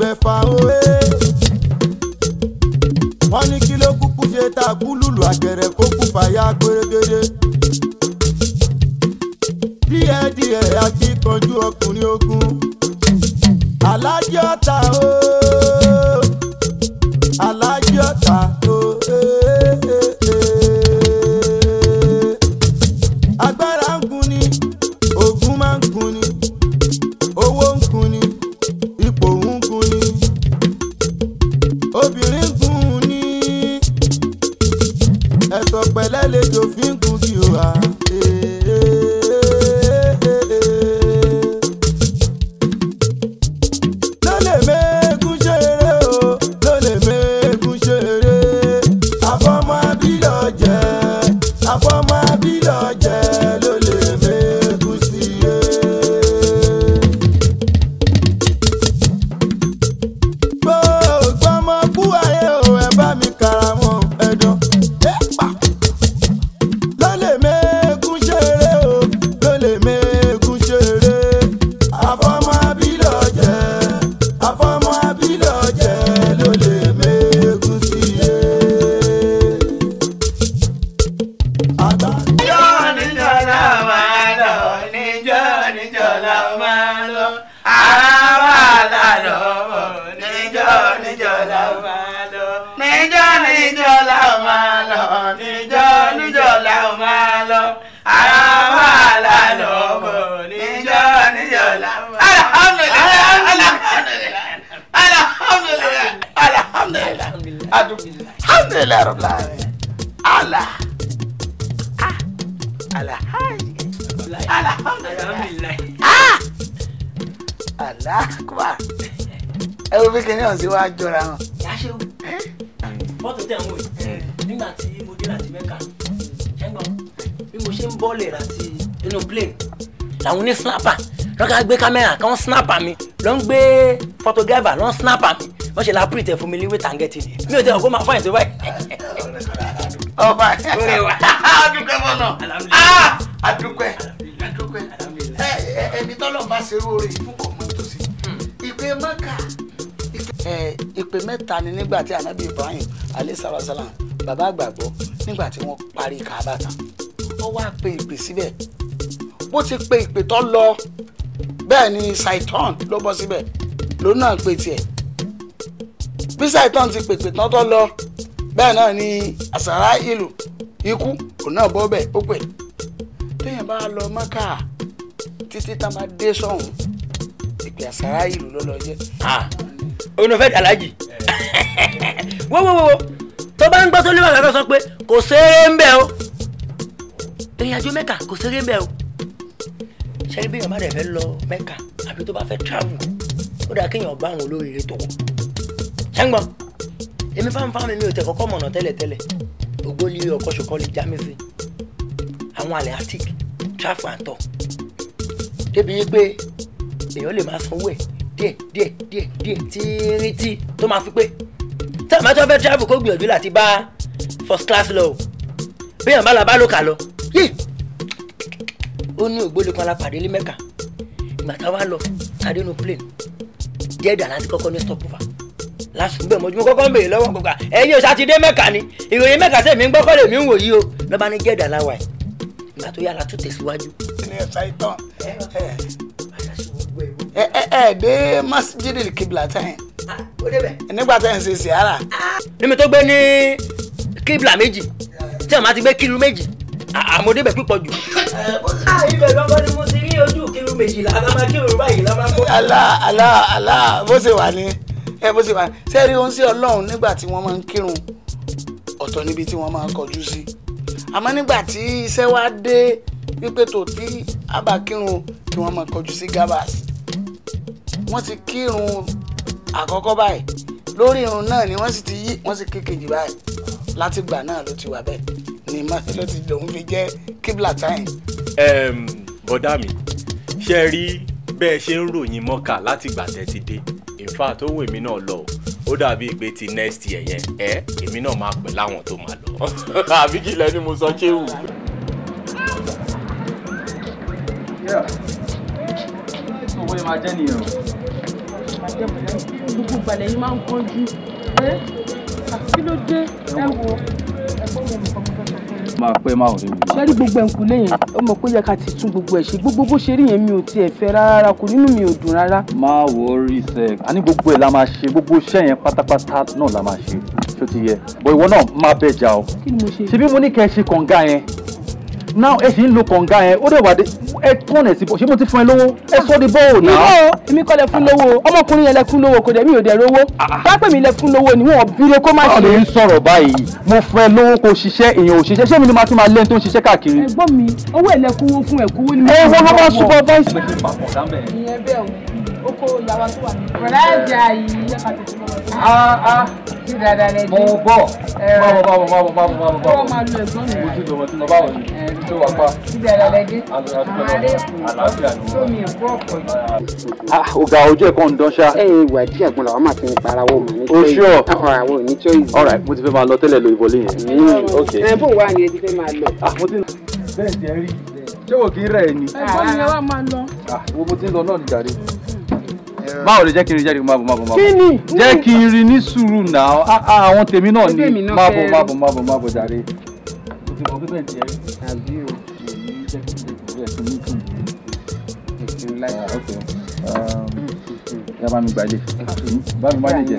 gbẹ̀fà òwe. alhamdulilayi. aláàkúbà ah! ẹ wo bí kìnìún sí wàá jọra wọn. yáṣẹ́wò fọ́tò tẹ̀ ń wò yìí nígbà tí mo dé láti mẹ́ka ṣẹ́ńgbọ́n bí mo ṣe ń bọ́ọ̀lẹ̀ láti inú plane làwọn oní snapper lọ́ka gbé kámẹ́rà kan snapper mi ló ń gbé photographer ló ń snapper mi wọ́n ṣe la print ẹ̀ fún mi léwé tàǹgẹ̀tì ni mi ò tẹ̀ ọ́ kó máa fọ́yìn tó báyìí. ọba ọdúnkẹ́ fọlọ adúpẹ́ pé ẹni tọ́lọ̀ bá ṣe rú orin fún kọ̀ọ̀mọ́ tó sí hmm. ìpè mọ́kà. ìpè mẹ́ta ni nígbà tí anabi ibrahim alayhisalaam bàbá àgbàgbọ́ nígbà tí wọ́n parí kaaba tán ó wá pe ìpè síbẹ̀ bó ti pe ìpè tó lọ bẹ́ẹ̀ ni saitan ló bọ́ síbẹ̀ ló náà pe tiẹ̀ bí saitan ti pèpè tán tó lọ bẹ́ẹ̀ náà ni àsàrà ìlú ikú òun náà bọ́ bẹ́ẹ̀ ó pè bá lọ mọ́kà títí tá a máa dé sọ́hún ìpè àsárá ìlú lọ́lọ́ jẹ́. òun ò fẹ́ dàlájì wọ́wọ́wọ́ tó bá ń gbọ́ tó lébàgà sọ pé kò ṣeré ń bẹ̀ o ìrìn àjò mẹ́kà kò ṣeré ń bẹ̀ o ṣẹ́rí bí èèyàn bá fẹ́ lọ mẹ́kà àbí tó bá fẹ́ travel ó dáa kéèyàn bá àwọn olóríire tó ṣẹ́ngbọ́n èmi fáńfáń mi ò tẹ̀ kọ́kọ́ mọ̀nà tẹ́lẹ̀tẹ́lẹ̀ ògbólí ọkọ̀ ṣòkọ́ lè já mi sí àwọn àlẹ́ àtìkì draft and talk débi wípé èèyàn lè máa sanwó ẹ̀ díẹ̀ díẹ̀ díẹ̀ díẹ̀ tíírítí tó máa fi pé tí àwọn àti wọn fẹ́ travel kó gbìyànjú láti bá first class lọ o bí èèyàn bá la bá lóka lọ yí ó ní ògbólé kan la pàdé ní mẹ́ka ìgbà táwa lọ adéhùn plane díẹ̀ dà láti kọ́kọ́ ní stopover lásùn bẹ́ẹ̀ mọ́jú kọ́kọ́ ń bèèrè lọ́wọ́ gbogbo ẹ̀yin ò sátidé mẹ́ka ni ìròyìn mẹ́ka tẹ̀mí ń gbọ́kọ́ lèmi ń wò yí o lọ́ba ní díẹ̀ dà láwa yìí ìgbà tó yára tún tẹ̀síwájú. ilé ẹ̀sà ìtàn ẹ ẹ ẹ dé masjidil kibla tẹ́yìn ah, nígbà tẹ́yìn ṣe ṣìyàrá. níbi ah. tó gbé ní kibla méjì tí àwọn ti gbé kiri méjì àmọ́dé ah, bẹ̀ pípọ̀ jù. ibẹ̀ lọ́kọ́ ni mo ti rí ojú kiri méjìlá alámà kí òrùba yìí lámà kó. alá alá alá bó ṣe wà ní ẹ bó ṣe wà ní sẹ́ẹ̀rí oúnjẹ ọlọ́run nígbà tí wọ́n máa ń kírun ọ̀tọ̀ níbi tí wọ́n máa ń kọjú sí. Si àmọ́ nígbà tí iṣẹ́ wa dé wípé tó tí àbá kírun wọ́n máa kọjú sí gabas wọ́n ti kírun àkọ́kọ́ báyìí lórí irun náà ni wọ́n sì ti yí wọ́n sì kékejì báyìí látìgbà náà ló ti wà bẹ́ẹ̀ ni mọ́tò ló ti lòun fi jẹ́ kíbla time. bọ́dà mi ṣe rí bẹ́ẹ̀ ṣe ń ròyìn mọ́kà látìgbà tẹ́ ti dé in fact ó wù mí náà lọ ó dàbí pé ti next year yẹn ẹ èmi náà máa pè láwọn tó máa lọ. àbí kí lẹ ni mo sọ kéwù. owó yẹn máa jẹ́ nìyẹn o. gbogbo balẹ̀ yìí máa ń kánjú. kí ló dé ẹ wo ẹ̀gbọ́n mi nìkan máa pẹ́ máa rí mi. sẹ́rí gbogbo ẹ̀kú lẹ́yìn ó mọ̀ pé yẹ ká ti tún gbogbo ẹ̀ ṣe gbogbo bó ṣe rí yẹn mi ò tiẹ̀ fẹ́ rárá kò nínú mi ò dùn rárá. má worry sẹ a ní gbogbo ẹ̀ la máa ṣe gbogbo iṣẹ́ yẹn pátápátá náà la máa ṣe ṣó ti yẹ bọ̀ ìwọ náà má bẹ̀ jà o ṣebí mo ní kẹ́ ẹ ṣe kànga yẹn now ẹ sì ń lo kànga yẹn ó dẹ̀ wà dé ẹ tún ẹ̀ sí bọ̀ ṣé mo ti fún ẹ lówó ẹ sọ di bọ́ọ̀ náà. irọ́ èmi kọ́ lẹ fún lówó ọmọkùnrin yẹn lẹ fún lówó kò dẹ̀ mi ò dẹ̀ rówó ah, ah. pápẹ́ mi lẹ fún lówó ni wọn ò bí kó má ṣe. báwo ni n sọ̀rọ̀ báyìí mo fún ẹ lówó kó ṣiṣẹ́ èèyàn ò ṣiṣẹ́ ṣé mi ni máa tún máa lẹ́ni tó ń ṣiṣẹ́ káàkiri. ẹ̀gbọ́n mi owó ẹ̀lẹ́kúnwó fún ẹ̀kúnwó ni mo fún ọ oko ìyàwó tó wà ní. Bọ̀dá ẹ̀jẹ̀ àyè ilé pàtó tí mo wọ̀ sí. Ah ah kí dáadáa lẹ jẹ́. Mo bọ̀ báwo báwo báwo báwo báwo báwo. Wọ́n máa lu ẹ̀gbọ́n tó ojú ẹ̀kọ́ ah, ń dán ṣá. ẹ ẹ ìwà díẹ̀ gbọ́n làwọn máa ti ń para wọn mọ̀ o oh, sure. Ah, àwọn ò ní choice. all right mo ti fẹ́ máa lọ tẹ́lẹ̀ lo ìbọ̀lì yẹn. Mm, mm, ẹ bó wà ní ẹ ti fẹ́ máa lọ. Ah, bẹ́ẹ̀ jẹ́ rí ṣé wò kí ń rẹ̀ ẹ́ ni. ẹ̀gbọ́n ni ẹ wá máa lọ. wo mo ti ń lọ náà nìjà rí báwo lè jẹ́ kí n rí jáde máa bọ̀ máa bọ̀ máa bọ̀ kí ni jẹ́ kí n rí ní sùúrù náà àwọn tèmi náà ni máa bọ̀ máa bọ̀ máa bọ̀ máa ti mọ̀ pé bẹ́ẹ̀ tiẹ̀ tàbí o you ní jẹ́ kí n lè fi Okay. kí n lè ẹ bá mi gbàdé bá mi gbàdé jẹ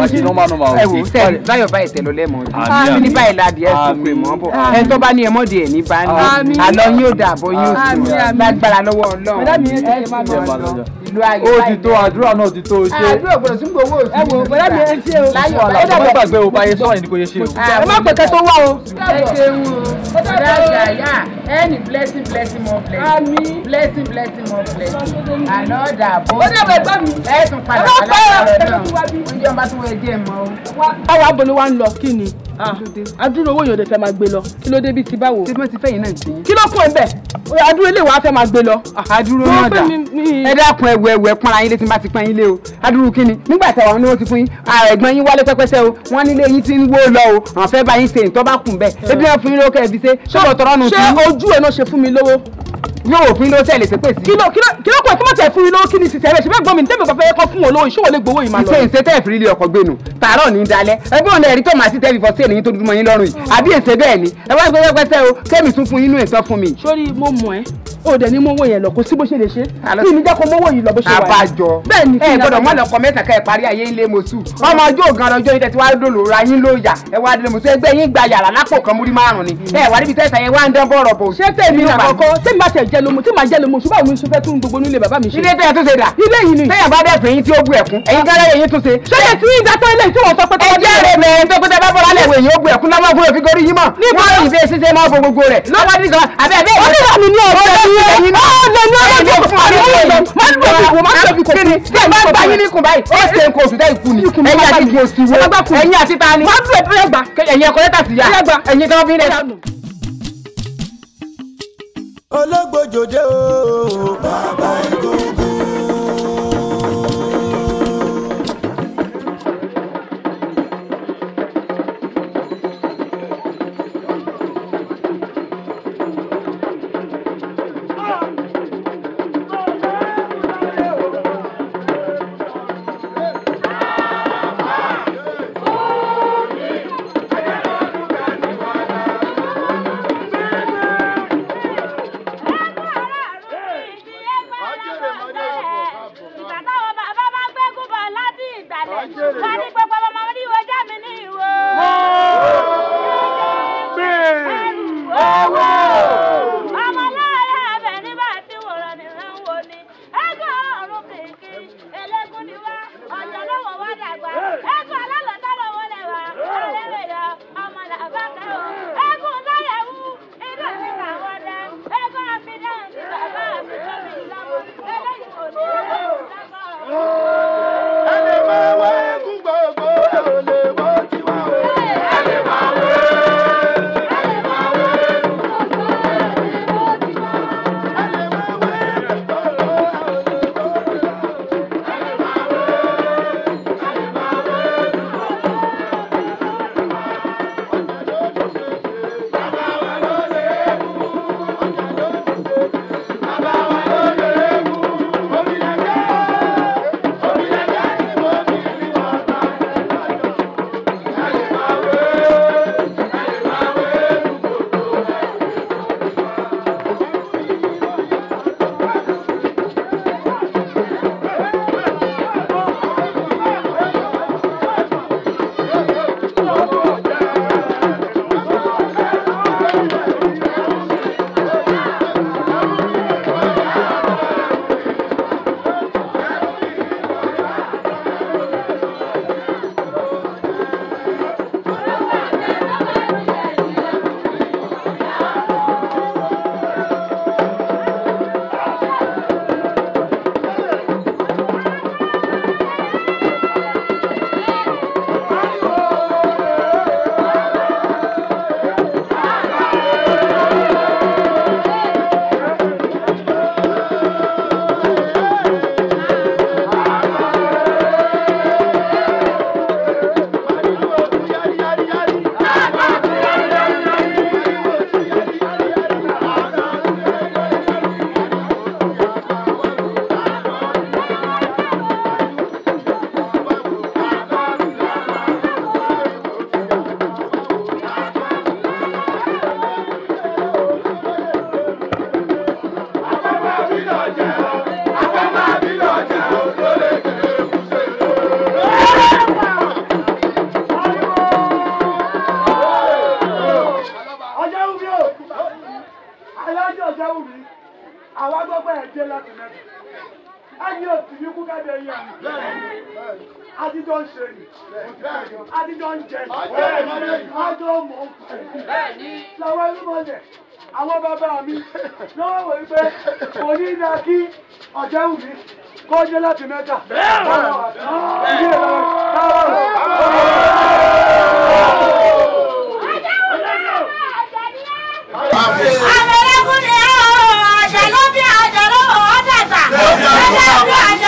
màṣẹ nọmba nọmba o. ẹ wò sẹ báyọ̀ báyìí tẹ lọ lẹẹmọ ju àmì ní báyìí láàbì ẹ tó pè mọ bọ ẹ tó bá ní ẹ mọdì ẹ bá ní àlọ yóò dà yóò tù lágbára lọ́wọ́ Ọlọ́run lo ó ti tó àdúrà náà ti tó o ṣe. Ah, àdúrà gbọdọ̀ tún gbowó òsì. ẹ wò bọ́lá mi ẹ ṣe o. láyọ̀ báyìí ó dàgbà gbé o báyé sọ́ọ̀yìn ni kò yẹ ṣe o. Ah, ẹ má pẹ̀kẹ́ tó wá o. ẹ ṣeun o dájà yá ẹni blessing blessing more blessing blessing blessing more blessing another bó ẹ tún padà kálá kálá náà oúnjẹ ọba tó wọ ẹjẹ mọ o. báwa ń lọ kí ni. Ah, adúrò owó yòòdè fẹ́ máa gbé lọ kí ló dé bíi ti báwo. ṣé mo ti fẹ́ yín náà gbé. kí ló kó ń bẹ̀ adúrò ilé wa fẹ́ máa gbé lọ. Ah, adúrò náà dà ẹ dákun ẹwù ẹwù ẹ pọnra yín lé bá ti pọn yín lé o adúrò kí ni nígbà tí àwọn olówó ti fún yín ah, ẹ̀gbọ́n yín wálé pẹ́pẹ́sẹ́ o wọ́n nílé yín ti ń wó lọ o àwọn fẹ́ bá yín ṣe ìtọ́ bá kùn bẹ́ẹ̀ ebi náà fún yín lókè ẹbí ṣe ṣé ojú ẹ̀ náà ṣe fún mi lówó yóò wò fún iná tẹ́ ẹ lè ṣe pèsè. kí ló kí ló kí ló kọ kí mo tẹ fún iná kí ni sì tẹ́lẹ̀ ṣe fẹ́ gbọ́n mi tẹ́mi bàbá yẹ kọ́ fún wọn lóhùn ìṣòwò lè gbowó yìí máa lọ. ìṣe ìṣe tẹ́ẹ̀ fìrí ilé ọkọ̀ gbénu tààrọ̀ ní dalẹ̀ ẹgbẹ́ òun ẹ̀rí tó máa ti tẹ́bi fọ́sí ènìyàn tó dúdú mọ́ yín lọ́rùn yìí àbí èsè bẹ́ẹ̀ ni ẹ wá gbẹ́gbẹ́gbẹ́sẹ́ o kémi tún fún inú ìtọ́ fún mi. sórí mo mọ̀ ẹ́ o dẹ̀ ni mọ́wọ́ yẹn lọ kó sí bó ṣe lè ṣe kí mi jẹ́ kó mọ́wọ́ yìí lọ bó ṣe wà. àbájọ bẹ́ẹ̀ ni kí n gbọ́dọ̀ mọ́ lọ́kọ mẹ́ta ká ẹ parí ayé ilé mosu ọmọ ọjọ́ ògan ọjọ́ yìí tẹ̀sí wàá dòlò ra yín ló yà ẹ wá délé mosu ẹgbẹ́ yín gba yàrá lápò kan múrí márùn ni ẹ wà níbi tẹ́sán yẹn wá ń dán bọ̀rọ̀ bò. ṣé tèmi nà kọ́kọ́ tèmi bá tẹ̀ jẹ́ lomo tí màá jẹ́ lomo ṣùgbọ́n àwọn ìṣúfẹ́ tún gbogbo nílé bàbá mi ṣe. ilé tẹ̀yà tó ṣe dà. ilé yìí ni. tẹ̀yà bá dẹ̀ fẹ́ yín tí ó bu ẹ̀kún. ẹ̀yin gẹ́rẹ́ yẹn tún ṣe. ṣé yẹn ti ń datọ́ ilé tí wọ́n sọ pé tó wọ́n jẹ́ rẹ̀ mẹ́ tó pété bá bọ́lá lẹ̀wọ̀ èyí ó bu ẹ̀kún lámọ́ fún òfin ẹ̀yin náà lè ní ọjọ́ tó fún ọdún tó lọ máa ń bọ̀ kò máa ń tóbi kò kiri tí ẹ bá gba yín ní kun báyìí ó ṣe nǹkan oṣù tẹ́ ikú ni ẹ̀yin àti ìgbò sí wo ẹ̀yin àti ta ni wọ́n tún ẹ̀dúrẹ́ gbà ẹ̀yin ẹ̀kọ́ lẹ́tà sí ya ẹ̀yin kan bí rẹ̀. ológbòjòdè o bàbá ẹ̀ bẹ̀ àwọn bàbá mi lọ́wọ́ wò pé kò ní dá kí ọ̀jẹ̀ wù mí kó jẹ́ láti mẹ́ta. bẹ́ẹ̀ bẹ́ẹ̀ àbẹ̀rẹ̀ kúndé ọ̀jẹ̀ ló bí ọ̀jẹ̀ ló ọ̀jẹ̀ tà ọ̀jẹ̀ ló bí ọ̀jẹ̀.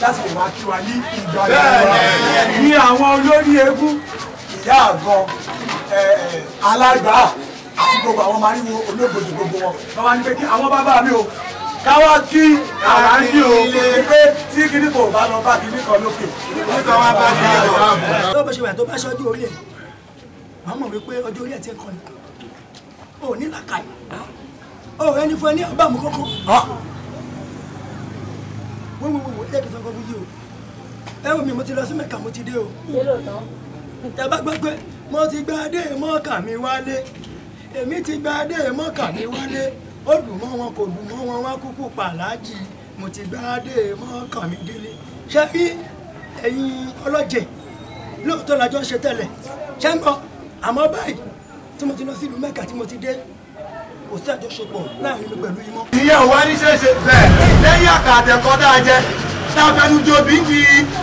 láti lè máa kí wa ní ìgbà ìgbà ní àwọn olórí eégún ìyá àgọ́ alágbà àti gbogbo àwọn máa ń wo olóògbòdì gbogbo wọn wọn wá ní pé kí àwọn bàbá mi o káwá kí àrà ń yí o pé tí kíní kò bá lọ bá kíní kan lókè kíní kan wá bá kíní kan wá bọ̀. tó bá ṣe wà tó bá ṣe ọjọ́ orí ẹ̀ wọ́n mọ̀ wípé ọjọ́ orí ẹ̀ ti ń kọ́ni o ní làkàyè o ẹni fún ẹ ní ọgbà mú kókó wọ́n wọ́n wọ́n jẹ́ kí n sọ fún yìí o ẹ omi mo ti lọ sí mẹ́ka mo ti dé o. ẹ bá gbọ́ pé mo ti gba adé mọ́ọ̀kà mi wálé èmi ti gba adé mọ́ọ̀kà mi wálé ó dùn mọ́ wọn kò dùn mọ́ wọn wá kúkú pàlájì mo ti gba adé mọ́ọ̀kà mi délé ṣé bí ẹ̀yin ọlọ́jẹ̀ lóòótọ́ la jọ ń ṣe tẹ́lẹ̀ ṣé ń bọ̀ àmọ́ báyìí tí mo ti lọ sílùú mẹ́ka tí mo ti dé kò sí àjọṣepọ̀ láàrin pẹ̀lú yín mọ́. ìyẹn ò wá ní ṣeéṣe bẹ́ẹ̀ lẹ́yìn àkà jẹ tàfẹnu jòbí kì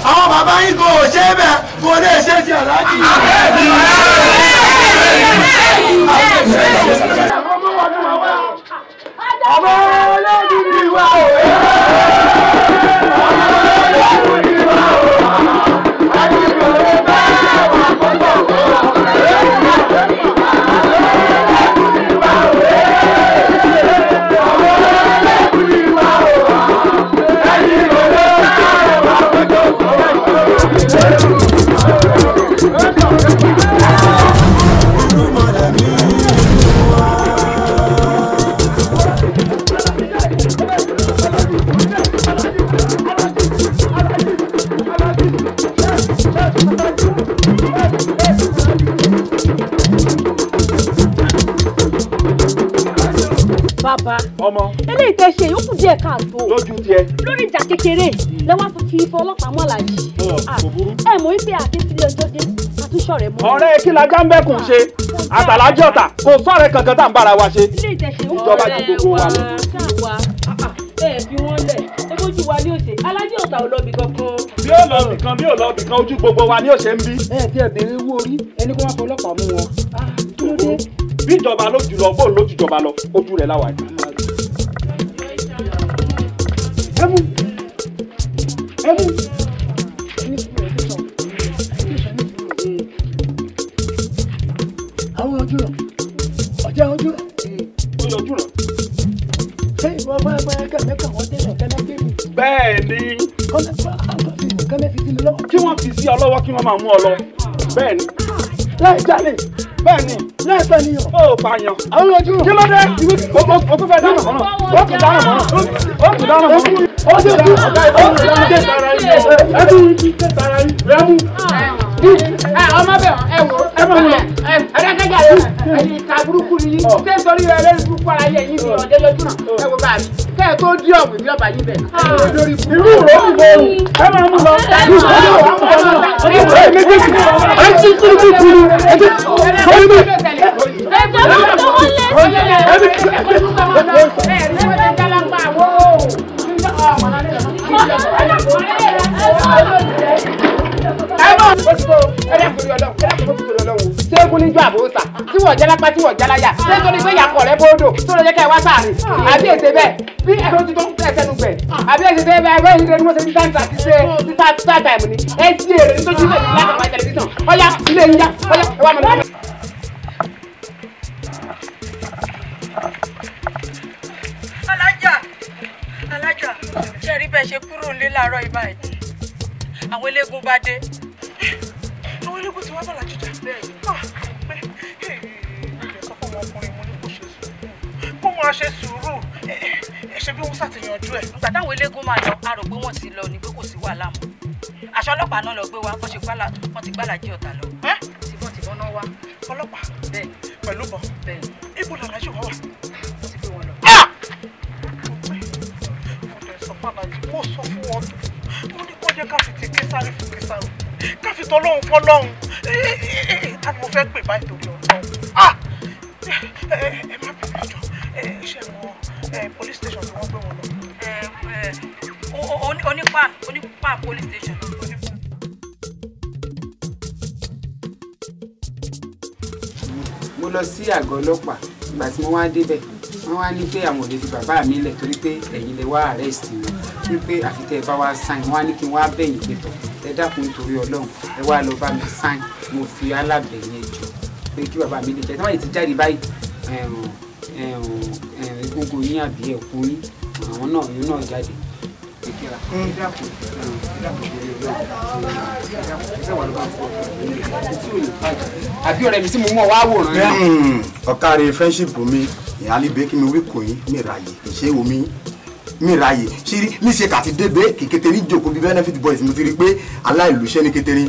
àwọn bàbá yín kò ṣe é bẹ́ẹ̀ kò lè ṣe ti àlájì. ọmọ ọlọ́dún ni wà ó. ọmọ ọlọ́dún ni wà ó. bàbá. ọmọ. eléyìí tẹ ṣe yòókù díẹ̀ káàtó. lójú tiẹ̀. lórí ìjà kékeré lẹ́wọ́n fi fi ifọ̀ ọlọ́pàá mọ́ làjì. ẹ mọ̀ wípé àti ti ọjọ́ dé àtúnṣọ rẹ̀ mọ́. ọ̀rẹ́ kí la já ń bẹ́kùn ṣe àtàlájì ọ̀tà kò sọ̀rẹ́ kankan tá à ń bára wa ṣe. eléyìí tẹ ṣe yòókù díẹ̀ káàtó. ìjọba jọba ló jù lọ bóun ló jù jọba lọ ojú rẹ̀ láwa yìí. ẹmu ẹmu. àwọn ojú rẹ̀ ọjà ojú rẹ̀. ó yọ ojú rẹ̀. ṣé ìwọ bá ẹgbẹ́ ẹgbẹ́ mẹ́ta wọ́n dé lọ́kẹ́ lẹ́gbẹ́ mi. bẹ́ẹ̀ ni. kọ́lẹ́ bá àwọn ìmọ̀ kẹ́lẹ́ fi sí mi lọ́wọ́. kí wọ́n fi sí ọ lọ́wọ́ kí wọ́n máa mú ọ lọ. bẹ́ẹ̀ ni. láì jalè. bẹ́ẹ̀ ni ní ẹgbẹ́ ni yàn. ó pààyàn. àwọn ojú. kí ló dé. ìwé o tún fẹ́ dáná mọ́nà. o tún dáná mọ́nà. o tún dáná mọ́nà. o tún dáná mọ́nà. o tún dáná mọ́nà. ẹ tún yí kí tara yí. rẹ mú. ẹ ọmọ bẹ ẹ wò. ẹ máa wò. ẹ dákẹ́jà rẹ ẹ̀yìn ìka burúkú ni yín. ṣé nítorí rẹ lórí burúkú ara bí ọba yín bẹ̀ ẹjọ́ ló tó ń lé sí ẹ ẹjọ́ tó máa lọ ẹ ní wọ́n ti dára pa àwọ̀ ségun níjọ àbòsà tí wọ́n jálápá tí wọ́n jáláyà ségun ní pé yàkọ̀ rẹ bóódò tó lọ jẹ́ ká ẹ wá sáàrin àbí èsè bẹ́ẹ̀ bí ẹ̀rọ ti tó ń tẹ̀ sẹ́nu gbẹ̀ àbí èsè bẹ́ẹ̀ bẹ́ẹ̀ ẹ̀rọ ìṣẹ̀lẹ̀ mọ́tò títà títà ti ṣe títà títà tàìmù ni ẹ ti èrè nítorí títà títà tàìmù tẹlifíṣàn ọ̀yà ilé ń yá ọ̀yà ẹ̀wà mẹ́lẹ́. alájà alájà ṣe rí bẹ́ẹ̀ ṣe kúrò nílé láàárọ̀ ibà yìí àwọn eléégún bá dé àwọn eléégún ti wá bàlá jíjà bẹ́ẹ̀ ah, sọ fún ọmọ ọkùnrin mo ní kó ṣe sùúrù kó máa ṣe sùúrù ṣe bí wọ́n ṣàtìyànjú ẹ̀. nígbà táwọn eléégún máa lọ a rò pé wọ́n ti lọ ni pé kò sí wàhálà mọ́ aṣọ ọlọ́pàá náà lọ gbé wa wọ́n ti gbàlà jẹ́ ọ̀tà lọ tìbọ̀tìbọ̀ náà wá ọlọ́pàá bẹ́ẹ̀ pẹ̀lú bọ̀ ibo làlájú wà wà. mo sọ fún wọn mo ní kó jẹ́ ká fi ti késàrì fún késàrì ká fi tọ́ lọ́hùn fọ́ ni mo fẹ́ pè báyìí torí ọ̀dọ́ ẹ má bẹ̀rẹ̀ jọ iṣẹ́ wọn police station ni wọ́n gbé wọn lọ. onípa police station. lọ sí àgọ́ ọlọ́pàá ìgbà tí mo wá débẹ̀ wọ́n wá ní pé àwọn ò lè fi bàbá mi lẹ̀ torí pé ẹ̀yin lè wá arrest mi wípé àfi tẹ́ ẹ bá wá sign wọ́n á ní kí n wá bẹ̀yìn pé tọ̀ ẹ dákun nítorí ọlọ́run ẹ wá lọ bá mi sign mo fi alábẹ̀yìn jọ pé kí bàbá mi lè jẹ́ tí wọ́n ti jáde báyìí egungun yín àbí ẹ̀kú yín àwọn náà yín náà jáde ẹ dákun àbí ọ̀rẹ́ mi tí mo mọ̀ wá wòrán. Hmm, ọ̀kàrẹ̀ friendship mi ìhálíbẹ́ kí mi wí kò yín mi ráàyè kì í ṣe omi mi ráàyè ṣírí níṣe kàti débé kì kékeré jòkó bí benefit boys mo ti rí i pé aláìlúṣẹ́ ní kékeré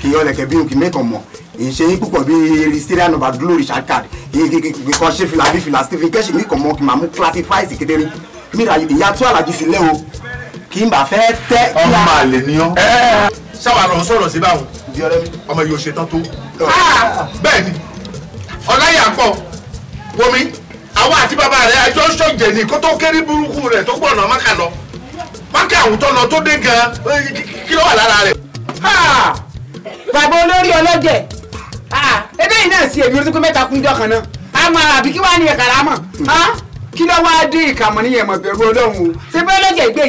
kì í ọlẹ̀kẹ̀ bí òkè mẹ́kàn mọ̀ ìṣe yín púpọ̀ bí syria number glory shakad ìkan ṣe fìlà bí fìlà stephen kẹ́sì mi kàn mọ́ kì máa mú classify sí kékeré mi ráàyè ìyá tó àlàjì sílẹ̀ o kí n bá fẹ́ tẹ́ kí a. ọmọ àlè ni ọ. sábà lọ sọ̀rọ̀ sí báwọn ọmọ yìí ò ṣe tán tó. Ah! Ah! bẹ́ẹ̀ ni ọláyà pọ̀ wọmi àwọn àti bàbá rẹ̀ àjọ ṣọ̀jẹ̀ ní kó tó kéré burúkú rẹ̀ tó gbọ̀nà máka lọ máka àwùjọ lọ tó dé gan kí ló wà lára rẹ̀. Ah! bàbá olórí ọlọ́jẹ̀ eléyìí náà sí èmi orí tó kó mẹ́ta kúnjọ kan náà a máa àbí kí wàá ní ẹ̀ka lámọ̀ kí ló wáá dín ìkàmọ́ níyẹn mọ̀ bẹ̀rù ọlọ́run o ṣé bẹ́ẹ̀ lọ́jà ìgbé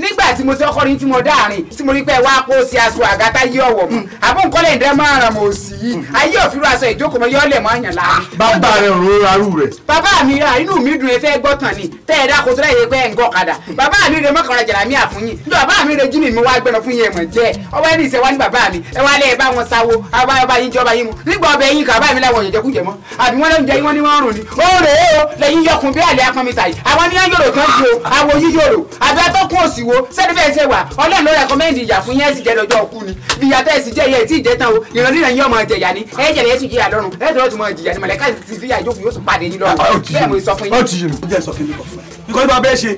ni nígbà tí mo ti ọkọ ní tí mo dáàrin tí mo rí pé wá kó sí aṣọ àgàtà yí ọwọ mọ àbọ̀ nǹkan máa ràn mọ̀ sí i ayé òfin aṣọ ìjókòó mọ yọ́ọ̀lẹ̀ mọ́ àyàn láàrin. bàbá rẹ ò rọra arú rẹ. bàbá mi ra inú mi dùn efẹ́ gbọ́tàn ni tẹ́ ẹ dáko tó láyé pé ẹ̀ ń gọ́ kadà bàbá mi rẹ mọ́kànlá jàrá mi àfún yín lọ bàbá mi rẹ jíìnì mi wá gbẹ̀rọ fún yẹn mọ̀ jẹ́ ọwọ́ ẹni ìṣẹ́ sẹ́ni bẹ́ẹ̀ ṣe wà ọlọ́run ló rẹkọmẹ́ndì ìyà fún yẹn sì jẹ lọ́jọ́ ọkú ni bí ìyà tẹ́ jẹ́ yẹ tí jẹ́ tán o ìrántí náà yóò máa jẹ̀yà ni ẹ jẹ̀rẹ̀ ẹ sì jìyà lọ́run ẹ tọ́jú máa jìyà ni mọ̀lẹ́ká ti fi àjò yóò tún pàdé yín lọ́run bẹ́ẹ̀ mo sọ fún yín. ó ti yé mi ó jẹ́ sọ fún mi kọ̀ fún ẹ nǹkan tó bá bẹ́ẹ̀ ṣe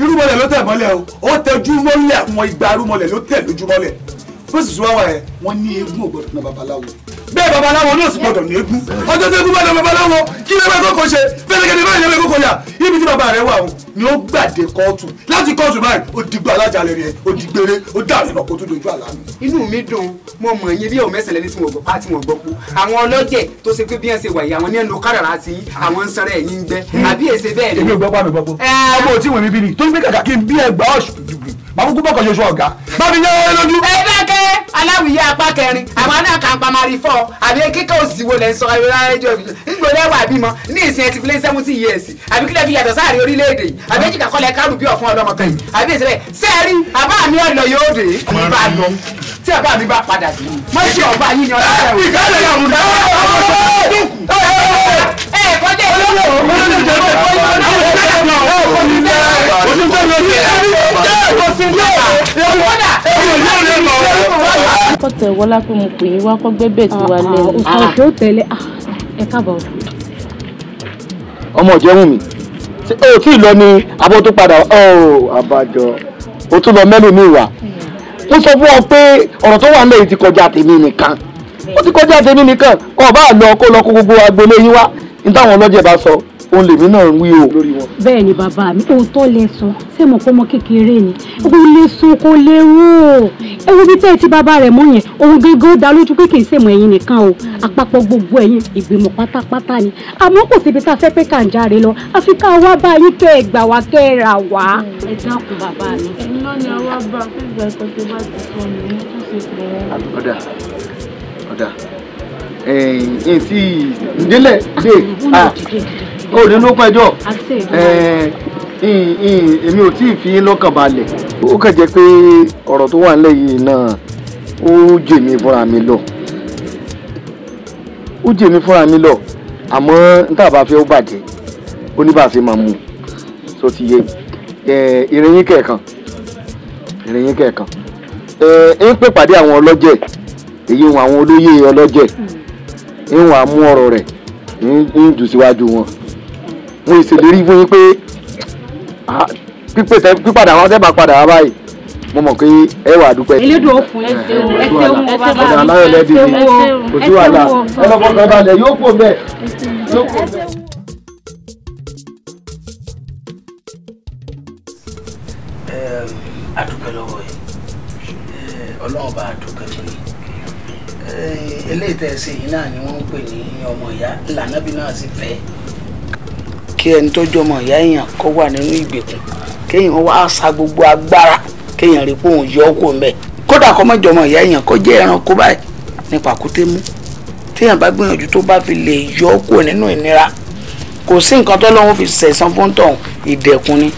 irúmọlẹ̀ ló tẹ̀ mọ́lẹ̀ o ó tẹjú mọ́lẹ̀ àwọn igba irúmọlẹ̀ ló tẹ̀ lójúmọ́lẹ̀ bó sì sún wá wà ẹ́ wọ́n ní eégún ò gbọ́dọ̀ na babaláwo bẹ́ẹ̀ babaláwo ní òsì gbọ́dọ̀ ní eégún ọjọ́ tí eégún bá na babaláwo kí lè máa kókó ṣe fẹ́lẹ́gẹ́dẹ́ báyìí lè máa kókó yà ibi tí bàbá rẹ̀ wà o ni ó gbàdé kóòtù láti kóòtù báyìí ó digbó alájàlẹ̀ rẹ̀ ó digbére ó dàrú lọ kó tó dojú àlá mi. inú mi dùn mo mọ̀ yín bí òun mẹ́sẹ̀lẹ̀ ní tí mo gbọ́ pa tí mo gbọ́ kú àwọn ọlọ́jẹ̀ tó ṣe pé bí wọ́n ṣe wà yìí àwọn ní ẹnu káràrà ti àwọn ń sanra ẹ̀yìn gbẹ àbí èsè bẹ́ẹ̀ ni. èmi ò gbọ́ pa mi gbọ́ pé ọmọ òtí wọn mi bí ni tó ń gbé kàkà kí n bí ẹgbàá ọ̀ṣun bàbá kúkú bọ́kọ̀ ṣoṣo ọ̀gá bá mi yẹ́ lójú. ẹ dákẹ́ aláwìyá apá kẹrin àwọn náà kà ń pa mari fọ àbí kíkọ́ òsì wo lẹ́ ń sọ ayọ̀lá ẹjọ́ mi nígbò lẹ́wà bímọ ní ìsìn ẹ ti fi lé seventy years àbí kílẹ̀ fi yàtọ̀ sáàrin orílẹ̀-èdè yìí àbí èjì kàkọ́lẹ̀ kárù bí ọ̀fun ọlọ́mọ kan yìí àbí ìsìlẹ̀ sẹ́ẹ̀rí àbá mi ọ̀nà yóò dé ní bá lọ tí àbá mi bá padà dé mọ́ ṣe ọ̀bá yín ni ọ̀dọ́ tẹ wọlá pé mo pè yín wá kọ́ gbẹ́bẹ̀ tí wà ah, lẹ́nu. ọ̀sán òkè ó tẹ̀lé ẹ káàbọ̀. ọmọ ọ̀jẹ̀ wù mí ṣé o tí ì lọ ní abọ́ tó padà ọ̀ oh, àbájọ o tún lọ mẹ́lò ní ìwà mo sọ fún ọ pé ọ̀rọ̀ tó wà nílẹ̀ yìí ti kọjá tèmi nìkan ó ti kọjá tèmi nìkan kọ̀ bá lọ kó lọ kó gbogbo agbolé yín wá n táwọn ọlọ́jẹ̀ bá sọ òun lèmi náà ń wí o. bẹ́ẹ̀ ni bàbá mi òótọ́ lẹ sọ ṣé mo kọ́ kékeré ni kò lè sun kò lè rú o ẹ wo bí tẹ́ ẹ ti bàbá rẹ̀ mú yẹn òun gángan dá lójú pé kì í ṣèmọ̀ ẹ̀yin nìkan o àpapọ̀ gbogbo ẹ̀yin ìgbìmọ̀ pátápátá ni àmọ́ kò síbi tá a fẹ́ pé kà ń járe lọ àfi ká wá bá yín kẹ́ ẹ gbà wá kẹ́ ẹ rà wá. ẹ dákun bàbá mi. iná ni àwa bá fígbà tó ti bá èsì eh, ìdílé eh, dé ó ah, ní ló pẹjọ́ eh, èmi ò tí ì fi lọ́kàn balẹ̀. ó kàn jẹ́ pé ọ̀rọ̀ tó wà nílẹ̀ yìí náà ó jèmi fúnra mi lọ ó jèmi fúnra mi lọ àmọ́ níta bá fẹ́ ó bàjẹ́ ó ní bá a ṣe máa mú so ti yé ìrìnyìn kẹ̀ẹ̀kan ìrìnyìn kẹ̀ẹ̀kan ń pèpàdé àwọn ọlọ́jẹ̀ èyí àwọn olóyè ọlọ́jẹ̀. Mm ń wàá mú ọ̀rọ̀ rẹ̀ ń jù síwájú wọn mo ìṣèlérí fún yín pé pípèsè pípadà wọn tẹ́ padà wá báyìí mo mọ̀ pé ẹ wà dúpẹ́. elédò òfun ẹ ṣeun ẹ ṣeun bàbá mi ẹ ṣeun o kò sí wàhálà ẹ lọ́kọ̀ kan balẹ̀ yóò kó bẹ́ẹ̀ yóò kó bẹ́ẹ̀. a dúpẹ́ lọ́wọ́ ẹ ọlọ́run bá Eh, eléyìí tẹ́ ẹ ni pe ni ọmọ kí ẹni tó jọmọ ìyá èèyàn kó wà nínú ìgbèkùn kéèyàn wá sa gbogbo agbára kéèyàn rí pé òun yọ ọ́ kódà kọ́ jọmọ ìyá èèyàn jẹ́ ẹranko báyìí nípa kúté mú téèyàn bá gbìyànjú tó bá fi lè yọ nínú ìnira kò sí nǹkan tó lọ́wọ́ fi sẹ̀sán fún tọ̀hún ìdẹ̀kùn ni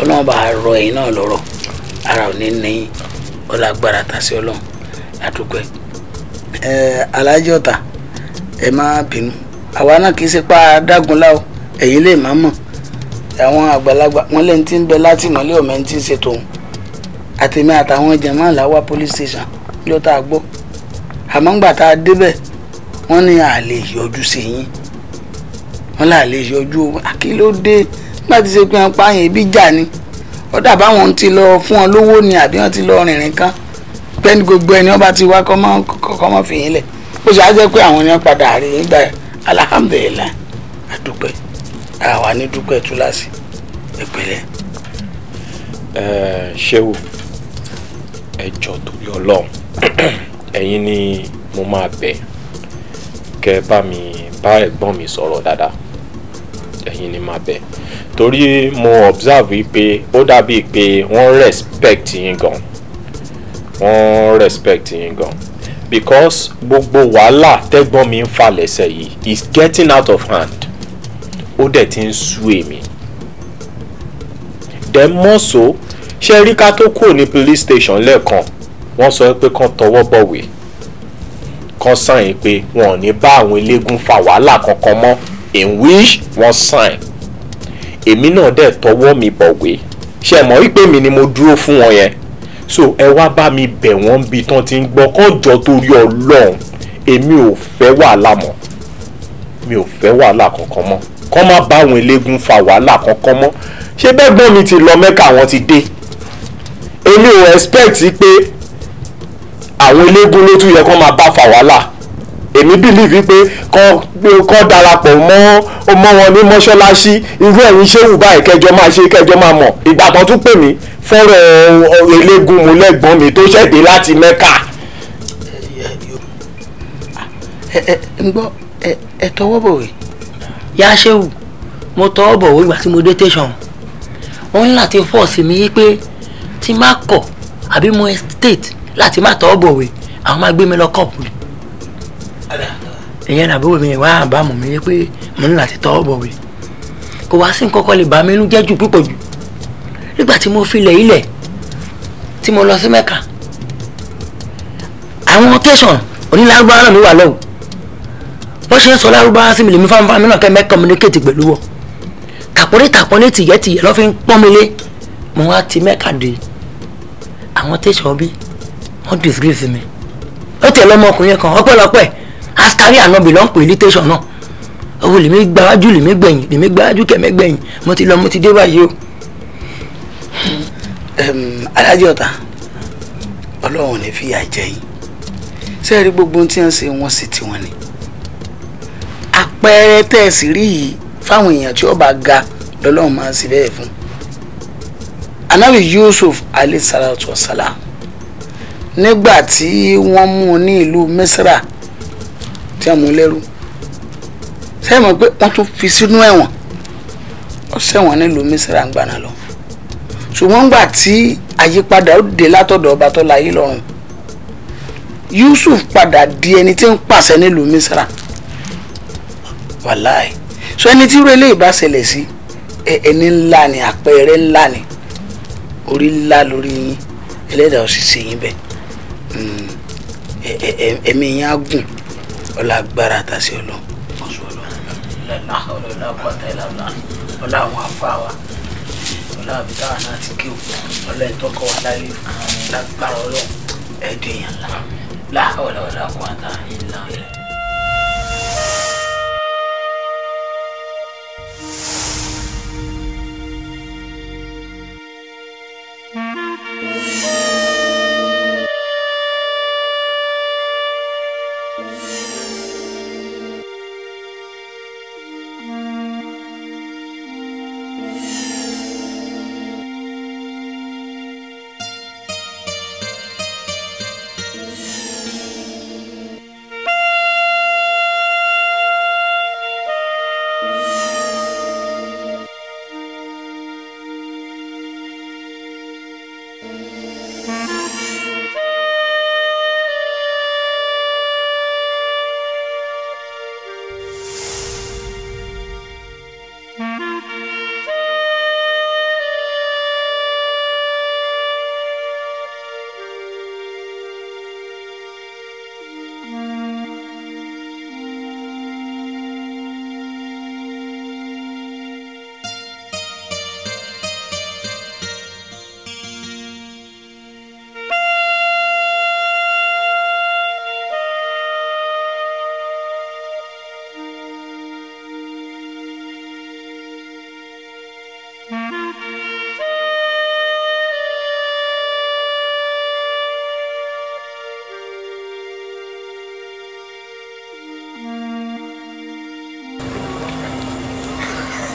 ọlọ́run bá rọ náà lọ́rọ̀ ara ò aláàjì ọ̀tà ẹ má bínú àwa náà kì í ṣe pa dágunlá o ẹ̀yin lè má mọ̀ àwọn àgbàlagbà wọn lẹ́ni tí ń bẹ láti ìmọ̀lẹ́ ọ̀mẹ́ tí ń ṣe tòun àtẹ̀mí àtàwọn jẹ̀mọ́ làwa police station ló tá a gbọ́ àmọ́ ńgbà tá a débẹ̀ wọ́n ní àlè yọjú sí yín wọ́n là lè yọjú o àkìlódé nígbà tí ṣe pé wọn pààyàn ibi jà ni ọ̀dà báwọn ti lọ fún wọn lówó ni àbí wọn ti lọ rìnrìn kan pẹ́ni gbogbo ẹni wọ́n bá ti wá kọ́ mọ́ fi yín lẹ̀ ó sì á jẹ́ pé àwọn èèyàn padà rí nígbà alhamdulillah àdúpẹ́ àwa ní dúpẹ́ túláàsì ìpínlẹ̀. ẹ ṣé o ẹ jọ torí Ọlọ́run ẹ̀yin ni mo máa bẹ̀ kẹ́ bá mi bá ẹ̀gbọ́n mi sọ̀rọ̀ dáadáa ẹ̀yin ni máa bẹ̀ torí mo observe pé ó dàbíi pé wọ́n respect yín gan-an wọ́n respect yín gan because gbogbo wàhálà tẹ́gbọ́n mi ń fà lẹ́sẹ̀ yìí is getting out of hand ó dẹ̀ ti ń sú èmi then mọ́sọ̀ ṣe rí ká tó kúrò ní police station lẹ́ẹ̀kan wọ́n sọ pé kán tọwọ́ bọ̀wé kán sign pé wọn ò ní bá àwọn eléégún fa wàhálà kankan mọ́ in which wọ́n sign èmi náà dẹ̀ tọwọ́ mi bọ̀wé ṣe mọ̀ wípé mi ni mo dúró fún wọn yẹn so ẹ wá bá mi bẹ̀ wọ́n bí tán ti ń gbọ́ kọ́jọ́ torí ọlọ́run èmi ò fẹ́ wàhálà mọ́ mi ò fẹ́ wàhálà kankan mọ́ kọ́ má bá àwọn eléégún fa wàhálà kankan mọ́ ṣé bẹ́ẹ̀ gbọ́n mi ti lọ mẹ́ka àwọn ti dé èmi ò expect pé àwọn eléégún ló tún yẹ kó máa bá fa wàhálà èmi bìlíìfì pé kọ́ darapọ̀ mọ́ mọ́ wọn ní mọ́ṣáláṣí irú ẹ̀yin ṣé wù báyìí kẹjọ máa ṣe kẹjọ máa mọ̀ ìgbà kan tún pè mí fọ́rọ̀ eléégún mu lẹ́gbọ́n mi tó ṣẹ̀dé láti mẹ́kà. ẹ ń gbọ́ ẹ tọwọ́ bọ̀wé yá ṣéwù mo tọwọ́ bọ̀wé ìgbà tí mo dé tẹ̀sán wọn láti fọ́ọ̀sì mi yí pé tí má kọ̀ àbí mo estate láti má tọwọ́ bọ̀wé àwọn máa gbé mi lọ kọ̀ọ̀pù ni ìyẹn nàbẹ̀wò mi wá bá mọ̀ mí yé pé mo ní láti tọ́ bọ̀ wí kò wá sí nǹkankan lè bá mi inú jẹ́ jù púpọ̀ jù nígbà tí mo fi lẹ̀ ilẹ̀ tí mo lọ sí mẹ́ka àwọn tẹ̀sán onílárúbáwá náà mi wà lọ́wọ́ bó ṣe ń sọ lárúbáwá sí mi lèmi fáwọn fáwọn náà kẹ́ mẹ́kàn mi ní kéètì pẹ̀lú wọ̀ tàpọ́nlé tàpọ́nlé tìyẹ́tìyẹ́ lọ́ fi ń pọ́n mi lé mo wá ti mẹ́ka dé àwọn tẹ̀sán bí wọ́n disgrace mi ó tẹ̀ lọ́mọkùnrin kan ọpẹ́lọpẹ́ as career no belong to illustration náà owó lèmi gbáwájú lèmi gbẹ̀yìn lèmi gbáwájú kẹ̀mẹ́ gbẹ̀yìn mo ti lọ mo ti dé báyìí o. alájọ ta ọlọ́run ní fìyà jẹ yín sẹ́ẹ̀rí gbogbo ohun tí wọ́n ṣe wọ́n sì tiwọn ni àpẹẹrẹ tẹ̀sí rí yìí fáwọn èèyàn tí ó bá ga lọ́lọ́run máa ń ṣe bẹ́ẹ̀ fún anabi yusuf alayhi salatu wa salam nígbà tí wọ́n mú un ní ìlú misra tí a mú lẹ́rú sẹ́yìn mọ̀ pé wọ́n tún fi sínú ẹ̀wọ̀n ọ̀sẹ̀wọ̀n nílùú mísírà ń gbaná lọ ṣùgbọ́n gbà tí àyípadà ó dé látọ̀dọ̀ ọba tó láyé lọ́rùn Yusuf padà di ẹni tí ń pàṣẹ nílùú mísírà wàláì sọ ẹni tí irú eléyìí bá ṣẹlẹ̀ sí ẹni ńlá ni àpẹẹrẹ ńlá ni orí ńlá lórí yín ẹlẹ́dàá ó sì ṣe yín bẹ́ẹ̀ hmm. ẹ̀mí yín á gùn ọlágbára àtàsí ọlọ. ọlọ́lá ọlọ́lá pátá ìlànà ọlá àwọn afáwa ọlá àbíká àná àti kéwù ọlá ìtọ́kọ wà láyé lágbára ọlọ́run ẹ̀ẹ́dẹ̀yàn lá ọlọ́lá pátá ìlànà.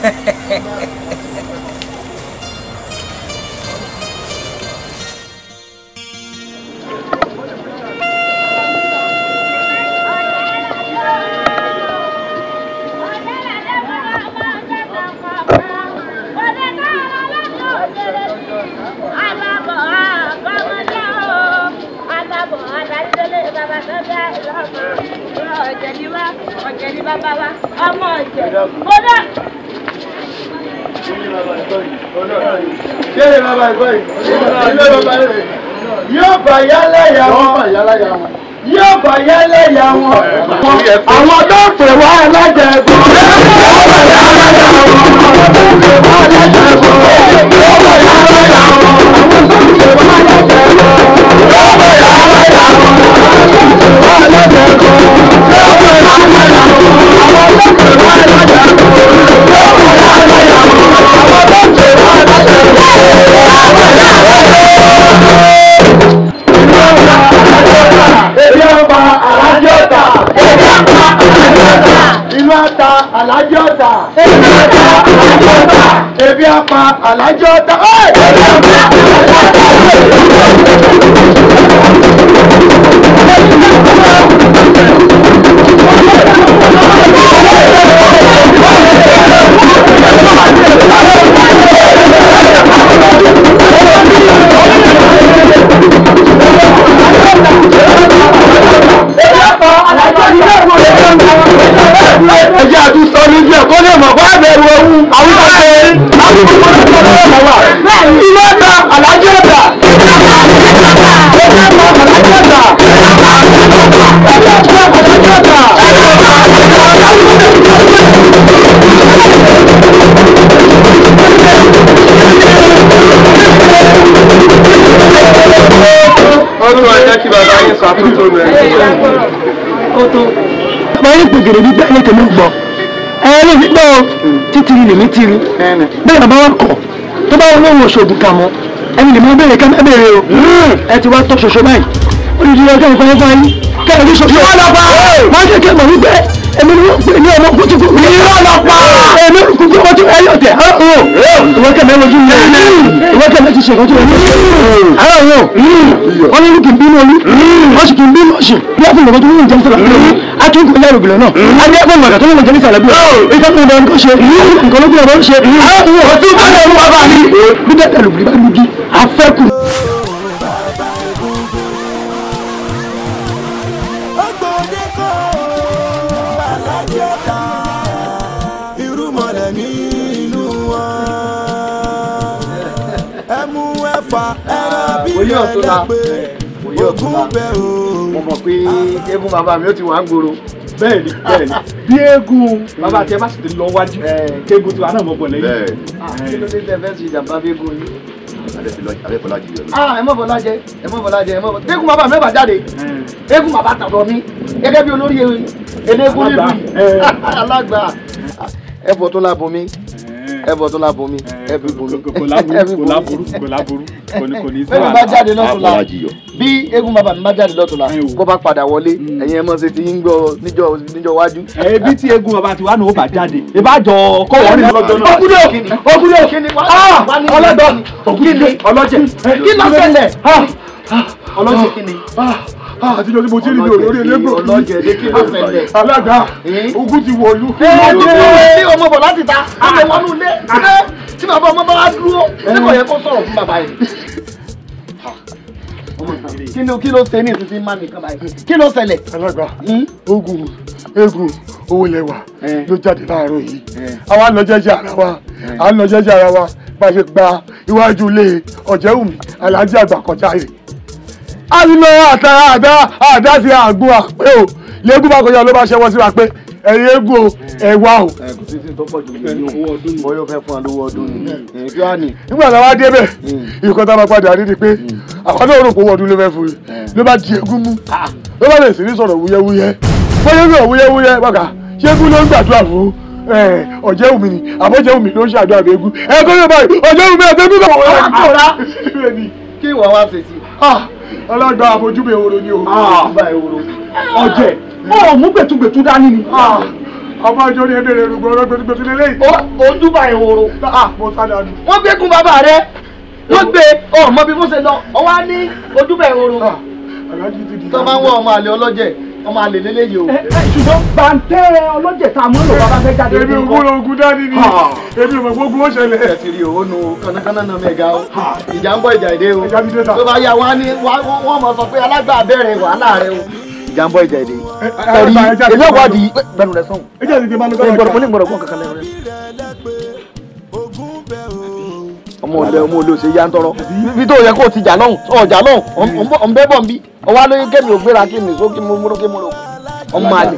ọ̀jẹ̀ ni bàbá wa ọmọ ọ̀jẹ̀ kódà ṣé bàbá ìgbọ́ yìí ilé bàbá rẹ̀ yóò bá yálẹ̀ yà wọ́n yóò bá yálẹ̀ yà wọ́n àwọn tó pè wá alájà ẹ̀gbọ́n yóò bá yálẹ̀ yà wọ́n àwọn tó pè wá alájà ẹ̀gbọ́n yóò bá yálẹ̀ yà wọ́n àwọn tó pè wá alájà ẹ̀gbọ́n yóò bá yálẹ̀ yà wọ́n àwọn tó pè wá alájà ẹ̀gbọ́n. alájẹ ọ̀tà. ebi apa alájẹ ọ̀tà. ebi apa alájẹ ọ̀tà. ebi apa alájẹ ọ̀tà. Thank you. ẹ̀jẹ̀ àti sọ níbi ẹ̀kọ́ lè mọ̀ bá bẹ̀rù ewu àwọn ọ̀sẹ̀ gbẹ̀gẹ̀rẹ̀ bíbẹ́ ẹ̀yẹ tẹ̀mí gbọ́ ẹ̀rẹ́ mi gbọ́ títìrì lèmi tìrì bẹ́ẹ̀ bàbá wa kọ̀ tó bá wọn lóhùn oṣoògùn kà mọ́ ẹni lèmi bẹ̀rẹ̀ ká ẹ bẹ̀rẹ̀ o ẹ ti wá tọ́ ṣoṣo báyìí olùdíje ọjọ́ ìfọyín fọyín kẹ́ẹ̀ẹ́dì ṣoṣo wọn lọ bá wọn kékeré mọ̀ wípé èmi ni èmi ọmọ kutu kutu. irọ́ lọ pa. èmi kutu kutu ẹ yọ tẹ. ìwọ kẹmẹ lójú mi. ìwọ kẹmẹ ti ṣèkọ́ tó yẹ lójú. ara wo kì í bínú olú. wọn kì í bínú ọ̀sìn. bí a fún ìgbàgbọ́ tó ń jẹun sọ̀rọ̀ lórí. a tún kò yára òbílẹ̀ náà. a ní ẹgbẹ́ ìgbàgbọ́ tó ń jẹun sọ̀rọ̀ lórí. ìka fún ìgbà nǹkan ṣe. nǹkan ló fún eégún bàbá mi ó ti wà ń gbòòrò bẹ́ẹ̀ ni bẹ́ẹ̀ ni bí eégún bàbá tiẹ̀ bá sì ti lọ wájú kéégún tiwa náà mọ̀ bọ̀ lẹ́yìn. Ah, kí ló dé tẹ fẹ́ sí ìjàmbá bí eégún yìí ah, ẹ mọ̀ bọ́lá jẹ ẹ mọ̀ bọ́lá jẹ ẹ mọ̀ bọ́lá jẹ eégún bàbá mi ò bá jáde eh. eégún bàbá tàbọ̀ mi gẹ́gẹ́ bí olórí e- eléégún nílùú yìí eh. alágbà ẹ bọ̀ tó lábomi eh. ẹ bọ̀ tó lábomi ẹ bí bomi ẹ kò láburú kò láburú kò láburú. bẹ́ẹ̀ bá ah, jáde lọ́tùnla bí eégún bàbá mi bá jáde lọ́tùnla bó bá padà wọlé mm. ẹ̀yin ẹ̀ mọ̀ ṣe ti ń gbọ́ níjọ́ níjọ́ wájú. ẹbí tí eégún bàbá tiwa náà ó bá jáde ìbájọ kọ̀wọ́ ní lọ́jọ́ náà. ogunde ogunde ọlọ́dọ̀ ogunde ọlọ́jẹ̀ kí ló ṣẹlẹ̀ ah, ọlọ́jẹ̀ kí ni. Ah, àtijọ́ tí mo ti rí ní olórí elégbò alága ogun ti wọlú. ẹ ẹ ní ọmọ bọ̀ láti ta ọmọ ìwọ́nú ilé ah. tí bàbá ọmọ bá wá dúró lẹ́kọ̀ọ́ yẹ kó sọ̀rọ̀ fún bàbá yìí kí ló kí ló ṣe ní ìsinsin má nìkan báyìí kí ló ṣẹlẹ̀. alága hmm? ogun egun owó lẹwà ló jáde láàárọ̀ yìí àwa lọ jẹ́jẹ́ ara wa à ń lọ jẹ́jẹ́ ara wa bá a ṣe gba iwájú ilé ọ̀jẹ̀wùmí aláàjì àgbà kọjá rẹ̀ àdúgbò àtàrà àdá àdá ti àgún àpé o lẹ́gùn bá kọjá ló bá ṣẹ́wọ́ sí wa pé ẹ̀yin eégún o ẹ̀wà o. kò sí sí tó pọ̀ jù nínú owó ọdún ni bọ́yọ̀ fẹ́ fún alówó ọdún ni kí wàá nì. nígbà tá a wá débẹ̀ ìkọ́ hmm. tá a máa padà ní ni pé hmm. àwọn náà rò pé owó ọdún ló fẹ́ fún yìí hmm. ló bá di eégún mú ah. ló bá bẹ̀rẹ̀ sí ní sọ̀rọ̀ wúyẹ́wúyẹ́ bọ́yọ̀ sọ̀rọ̀ wúyẹ́wúyẹ́ bàkà ṣéégún ló ń gbàdúrà fún ọjẹ́ wùmí ni àbọ̀jẹ́ wùmí ló ń ṣàdúrà bẹ́ẹ̀ gún ẹ̀ẹ́dọ́gbẹ̀ báyìí ọjẹ́ wùmí àbẹ́gún náà wọ́n rà kí wọ́n wá fèsì. Ah ọlọ́dọ̀ àmójúbẹ̀ ehoro ni o. ọ̀jẹ̀ ah. ó ah. mú gbẹ̀tugbẹ̀tu dání ni. Ah. ọmọ ìjọ ni ebèrè rúgbọ́n ọ̀rọ̀ gbẹtugbẹtu lé léyìí. ó júbà ehoro. mo sálẹ̀ àdùn. wọ́n gbé kún bàbá rẹ̀ wọ́n gbé ọmọ bí mo ṣe lọ ọwọ́ á ní ojúbà ehoro. tọ́ bá ń wọ ọmọ àlè ọlọ́jẹ̀ wọ́n máa lè lélẹ́yìí o. ṣùgbọ́n bàǹtẹ́ a mú lò bàbá fẹ́ jáde. èmi ògùn ogun dání ni èmi ò mọ̀ gbogbo ó ṣẹlẹ̀. ẹ ti rí òun nu kánákáná náà mẹ́ga o ìjà ń bọ̀ ìjà èdè o tó bá yà wọ́n mọ sọ pé alágbà bẹ̀rẹ̀ wàhálà rẹ o. ìjà ń bọ̀ ìjà èdè ẹ̀rí ilé ìwádìí bẹ̀rù rẹ̀ sọ̀hún. ẹ jẹ́ ìdíje máa ń gbọ́dọ̀ ọmọ olè ọmọ ole ose yá ń tọrọ ibi tó yẹ kó ti jà náà ọjà lọ́hùn ọ̀nbẹ́ bọ̀ ń bí ọwọ́ alóyè kémi ògbéra kémi sókè ọmọ àlè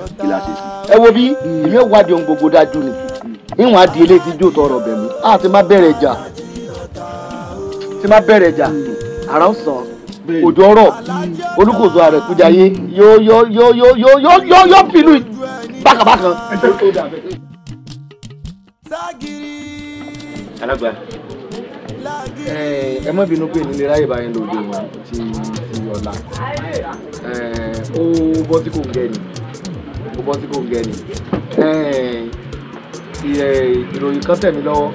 ẹ wo bí èmi wádìí ohun gbogbo dájú ni ìwọ̀n ti jó tọrọ bẹ̀ mú a ti má bẹ̀rẹ̀ jà ti má bẹ̀rẹ̀ jà ń sàn òjò olùkòzò ààrẹ yóò fìlú Eh, ẹ má bínú pé nílé ráyè báyìí lòdì wọn ti ti ọ̀la eh, ó bọ́ tí kò ń gẹ̀ ni ó bọ́ tí kò ń gẹ̀ ni eh, ìròyìn kan tẹ̀ mí lọ́wọ́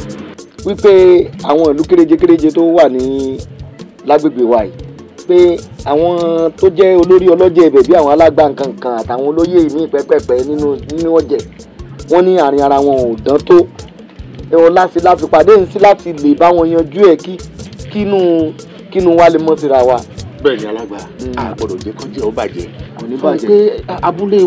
wípé àwọn ìlú kéréje kéréje tó wà ní lágbègbè wa yìí pé àwọn tó jẹ́ olórí ọlọ́jẹ̀ ibẹ̀ bí àwọn alágbá nǹkan kan àtàwọn olóyè ìmí pẹ́pẹ́pẹ́ nínú nínú wọ́n ní àárín ara wọn ò dán tó ọ̀la sí la fi pàdé nsí láti lè bá wọn yanjú ẹ̀ kí kínú kínú wa lè mọ̀ síra wa. bẹ́ẹ̀ ni alágbà àgbọ́dọ̀ hmm. jẹ́ kọjá ó bàjẹ́ kò ní bàjẹ́. pé abúlé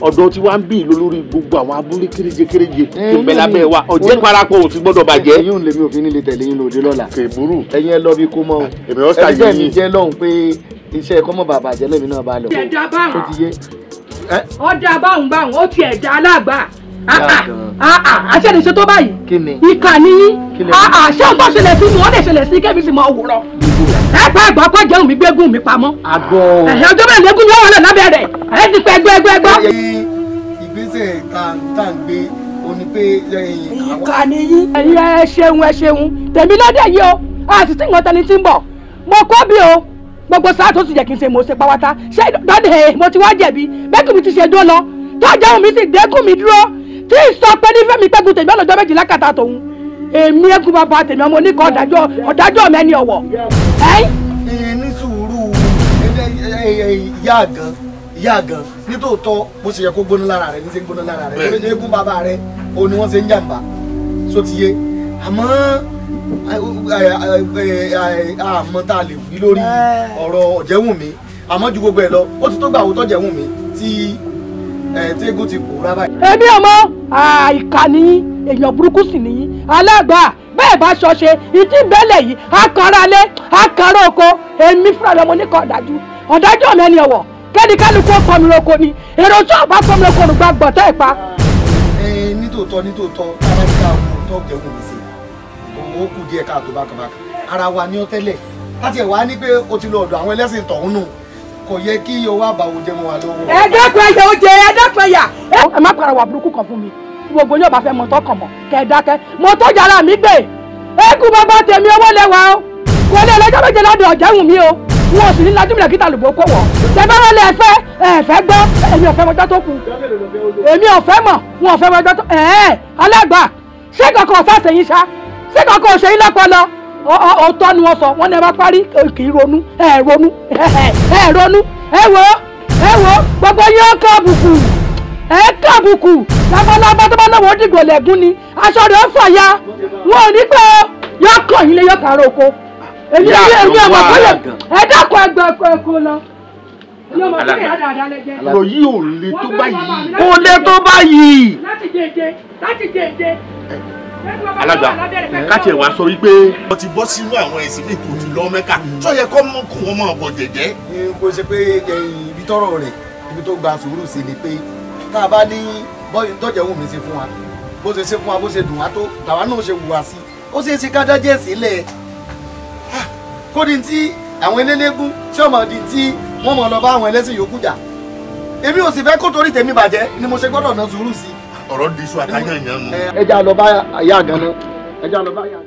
ọ̀dọ̀ tí wàá ń bì lólórí gbogbo àwọn abúlé kéréje kéréje hmm. tó bẹ lábẹ́ wa ọ̀jẹ́ parapọ̀ ò ti gbọ́dọ̀ bàjẹ́. ẹ̀yin òun lèmi òfin nílé tẹ̀lé yín lòdì lọ́la. kèbúrú ẹ̀yin ẹ lọ bí kó mọ o. èmi ọ̀sà yìí ẹ̀yin jẹ́ lọ́hùn pé iṣẹ́ kọ́mọ bàbàjẹ́ lẹ́mi náà bá lọ. ọ̀dà báwọn ọ̀dà báwọn ó ti ẹ̀dá alágbà Ah, ah, ah, àṣẹ́ni ṣe tó báyìí ìkà níyí àṣẹ ọgbọ́n ṣẹlẹ̀ sí mi wọ́n lè ṣẹlẹ̀ sí kẹ́mi sì mọ òwúrọ̀ ẹgbẹ́ ẹgbẹ́ ọkọ̀ jẹun mi gbégún mi pamọ́ ọjọ́ bẹ́ẹ̀ lẹ́gùn yóò wọlé lábẹ́ rẹ̀ ẹ ti pẹ́ gbẹ́ gbẹ́ gbọ́. ìgbésẹ̀ tá à ń gbé o ní pé. ìkà níyí. ẹ̀yin ẹ ṣeun ẹ ṣeun tèmi lọ́dẹ̀ yìí o àti tí nǹkan tẹni ti ń bọ̀ mo kọ́ bí o gbogbo sáà tó sì jẹ́ kí n ṣe mo ṣe pàwátá ṣé dọ́dẹ̀ mo ti wá jẹ̀bi bẹ́ẹ̀ kì mi ti ṣe dó lọ tọ́jà mi sì dẹ́kun mi dúró tí sọ ní fẹ́mi pẹ́gun tèmi ọlọ́jọ́ méjìlá kàtà tòun èmi ẹ̀gùn bàbá tèmi ọmọ oníkan ọ̀dájọ́ ọ̀dájọ́ mẹ́ni ọ̀wọ̀. ní sùúrù ìyá àgàn nítòótọ́ bó ṣe yẹ kó gbóná lára rẹ ní ṣe gbóná lára rẹ ní ẹ̀gùn bàbá rẹ òun ni wọ́n ṣe ń jàǹbá só ti yé àmọ́ àmọ́ tá a lè wí lórí ọ̀rọ̀ ọ̀jẹ̀wùnmí àmọ́ ju gbogbo ẹ̀ lọ ó ti tó gbà àwòtọ́jẹ̀wùnmí tí ẹ eh, tégún ti pòórá báyìí. èmi ò mọ àìkà ah, nìyí èèyàn burúkú sì nìyí alágbà bẹ́ẹ̀ bá ṣọṣe ìdí ìbẹ́lẹ̀ yìí akànralé akànrà oko èmi fúnra lọmọ oníkan ọ̀dájú ọ̀dájú ọ̀mọ ẹni ọ̀wọ̀ kẹ́nikẹ́ni kó pọnmi roko ni èrò tí ọba pọnmi roko nùgbà gbọ̀tẹ́ ìpa. ẹ eh, nítòótọ́ nítòótọ́ tára ti àwọn ọ̀tọ̀ jẹun mi sí òun kù díẹ̀ káàtó bákàbákà ara wa ní ó tẹ́lẹ̀ láti ẹ̀ wá ní pé ó ti lọ ọ̀dọ̀ àwọn ẹlẹ́sìn tọ̀hún nù kò yẹ kí owó àbàwò jẹ mọ́ wa lọ́wọ́. ẹ dẹ́kun ẹyà ó jẹ ẹ dẹ́kun ẹyà. ẹ má para wà burúkú kan fún mi gbogbo yóò bá fẹ́ mọ́tò kàn mọ́ kẹ́ ẹ dákẹ́ mọ́tò yàrá mi gbé eku bàbá tèmi owó lẹ́wà o kò lè lọ́jọ́ méje lọ́dọ̀ ọ̀jẹ̀hùn mi o wọn ò sì ní lajú mi lẹ́kítà lùgbò kó wọ̀ tẹ́fẹ́ wọn lè fẹ́ ẹ fẹ́ gbọ́ èmi ò fẹ́ mọ́jọ́ tó kù èmi ò fẹ́ mọ̀ wọn ò fẹ́ mọ́jọ́ tó ẹ̀ ẹ́ alágbà ṣé kankan ọ̀sán ṣèyí ṣá ṣé kankan òṣèyí lọ́pọ̀lọ́ ọ̀tọ̀ ni wọn sọ wọ́n ní ẹ bá parí kì í ronú ẹ ronú ẹ ronú ẹ ẹ gbogbo yín kábùkù ẹ kábùkù tó bá náà wọ́n dìgbò ni aṣọ rẹ̀ ya wọn ò ní pẹ́ yọ oko èmi dákọ̀ ẹgbẹ́ ẹ̀kọ́ ẹ̀kọ́ lọ. ò le tó báyìí. Kò le tó báyìí. Láti láti alága káti ẹ̀ wá sọ wípé. wọ́n ti bọ́ sínú àwọn ẹ̀sìn mi tó ti lọ mẹ́ka sọ yẹ kọ́ mọ́ kó wọ́n máa bọ̀ jẹ̀jẹ́. kò ṣe pé ibi tọrọ rẹ ibi tó gba sùúrù sí ni pé tá a bá ní bọ́yìn tọ́jà wù mí sí fún wa bó ṣe ṣe fún wa bó ṣe dùn wá tó tàwa náà ṣe wùwà sí ó ṣe é ṣe ká dájẹ́ sílẹ̀ ah, kódi tí àwọn elélégún tí ọmọ di tí wọ́n mọ̀ lọ bá àwọn ẹlẹ́sìn yòókù jà èmi ò sì fẹ́ kó torí tèmi bàjẹ́ ni mo ṣe gbọ́dọ̀ ná sùúrù sí i ọ̀rọ̀ di iṣu àtàyànyàn mu. ẹ já lọ bá àyà àgànná ẹ já lọ bá àyà.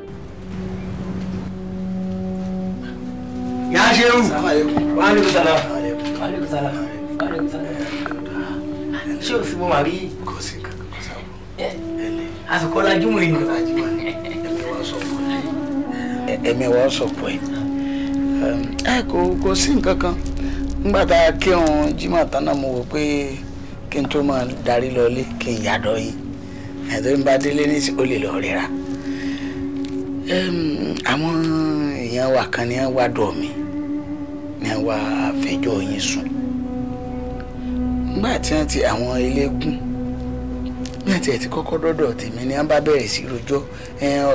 yàá ṣe wù wà á lè kùsàlà wà á lè kùsàlà wà á lè kùsàlà ṣé o sì mọ màrí. kò sí kankan kò sábà. àsìkò ọlájú mọ̀ ẹni. ẹ̀mí wa sọ pọ̀ ẹ̀ ẹ̀ kò sí nǹkan kan nígbà tá a kírun jimoh tán mo wò pé kí n tó máa darí lọlé kí n yàdọ̀ yín ẹ̀dọ́ ń bá délé ní ó lè lọ ríra àwọn èèyàn wa kan ni wọ́n wá dọ̀ mí ni wọ́n wá fẹjọ́ yín sùn nígbà tí wọ́n ti àwọn eléégún bí àti ẹ̀ ti kọ́kọ́ dọ́dọ̀ tèmi ni wọ́n bá bẹ̀rẹ̀ sí rojọ́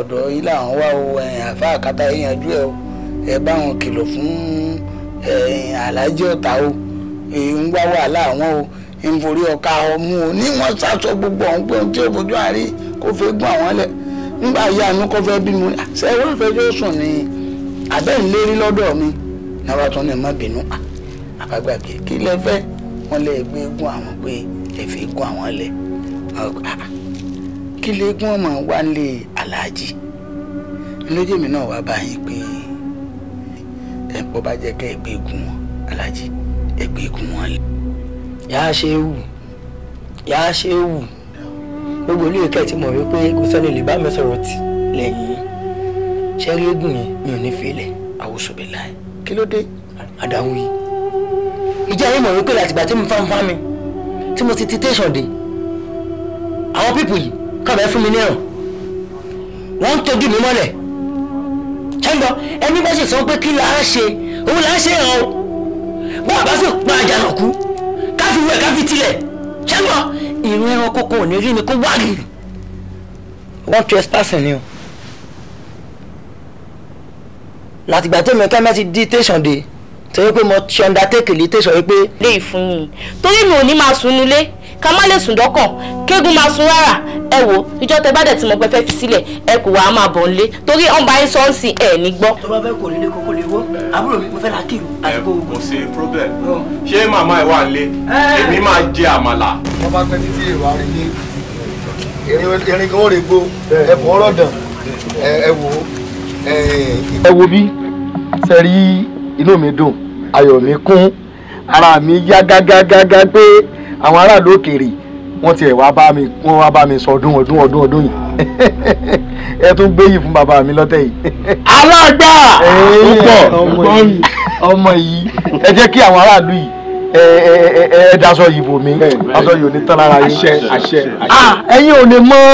ọ̀dọ̀ yín làwọn wá o àfa àkàtà ìyànjú ẹ̀ o ẹ bá wọn kìlọ̀ fún aláàjì ọ̀tá o ń wá wàhálà àwọn o nforí ọ̀ka ọmú o ní wọ́n sásọ gbogbo ọ̀hún pé ohun tí o fojú àárí kò fẹ́ gún àwọn lẹ̀ nígbà yá àánú kò fẹ́ bímọ ṣe wọ́n fẹ́ yóò sùn ní abẹ́ ìlérí lọ́dọ̀ mi náà tún ní má bínú ah, àbágbàgbé kí lẹ fẹ́ wọ́n lè gbé gún àwọn pé ẹ fẹ́ gún àwọn lẹ̀ ah, kí lè gún ọmọ wa lè aláàjì lójèmí náà wá báyìí pé ẹ̀ bọ́ bá jẹ́ kẹ́ ẹ gbé gún wọn aláàjì ẹ gbé gún wọn lẹ̀ yàá ṣe é wù yàá ṣe wù gbogbo olú ìkẹ́ ti mọ̀ wípé kò sẹ́ni lè bá mi sọ̀rọ̀ tì lẹ́yìn ṣé rí eégún yẹn mi ò ní fèlẹ̀ àwòsòbí láì kí ló dé àdáhùn yìí. ìjà yìí mọ̀ wípé látìgbà tí mo fá ń fá mi tí mo ti ti tẹ̀sán dé àwọn pípù yìí kàbẹ́ fún mi níràn wọ́n ń tọ́jú mi mọ́lẹ̀ ṣẹ́ńgbọ́ ẹni bá ṣe sọ pé kí là á ṣe òun là ṣe hàn ó bá a bá sì pa àjànàkú fi wẹ̀ ká fi tilẹ̀ ṣẹ́gbọ́n ìrìn ẹranko kò ní rí ni kó wá rí. wọ́n trespass ni o látìgbà tèmi kẹ́mẹ́ ti di tẹ̀sán de torí pé mo ti undertake lè tẹ̀sán yìí pé. lè fún yín torí mi ò ní máa sùn nílé ká má lè sùn dọ́kàn kéegun máa sun rárá ẹ wo ìjọ tẹ bá dẹ̀ tí mo pẹ́ fẹ́ fi sílẹ̀ ẹ kò wá máa bọ̀ nílé torí ọ̀n bá yín sọ ń sin ẹ̀ ní gbọ́. tó bá fẹ́ kò nílé kókó lè wọ́ àbúrò mi mo fẹ́ ra kíru àti kó ogun. kò sí problem ṣé màmá ẹ wà nílé eh. èmi máa jẹ àmàlà. wọ́n bá pẹ́ títí ìwà rí ní erin kan ó rè gbó ẹ̀fọ́ ọlọ́dàn ẹ wò ó. ẹ wo bí sẹ́rí inú mi dùn ayọ̀ mi kún ara mi yá gágágágá pé àwọn aráàlú òkèèrè wọ́n tiẹ̀ wá bá mi wọ́n wá bá mi sọ ọdún ọdún ọdún ọdún yìí ẹ tún gbé yìí fún bàbá mi lọ́tẹ̀ yìí. alágbà púpọ̀ ọmọ yìí ẹ jẹ́ kí àwọn aráàlú yìí ẹ ẹ ẹ daṣọ yìí bò mí aṣọ yìí ò ní tán lára yìí. àṣẹ àṣẹ àṣẹ. Ah, ẹ̀yin ò ní mọ̀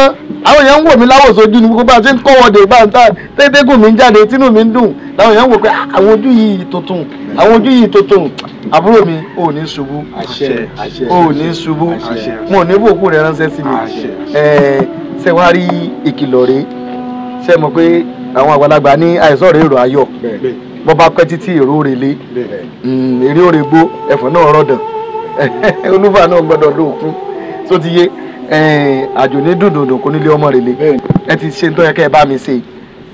àwọn èèyàn ń wò mí láwòsójú ni gbogbo àti kọ́wọ́dé báńtà tẹ́tẹ́gùn mi ń jáde tínú mi ń dùn làwọn èèyàn ń wò pé ah, àwọn ojú yìí tuntun àwọn ojú yìí tuntun àbúrò mi ò ní ṣubú ò ní ṣubú mo ò ní bòkú rẹ ránṣẹ́ sí mi ṣe wá rí ìkìlọ̀ rẹ ṣe mọ̀ pé àwọn àgbàlagbà ní àìsàn rẹ èrò ayọ̀ bọ́ bá pẹ́ títí èrò rẹ lé hmm, èrè òrè gbó ẹ̀fọ́ náà rọ̀dàn olúfà náà gbọ́dọ̀ lóòkun tó ti yé Eh, àjò ní dùndùndùn kò nílé ọmọ rèlé ẹ ti ṣe ń tọ́yẹ kẹ́ ẹ bá mi ṣe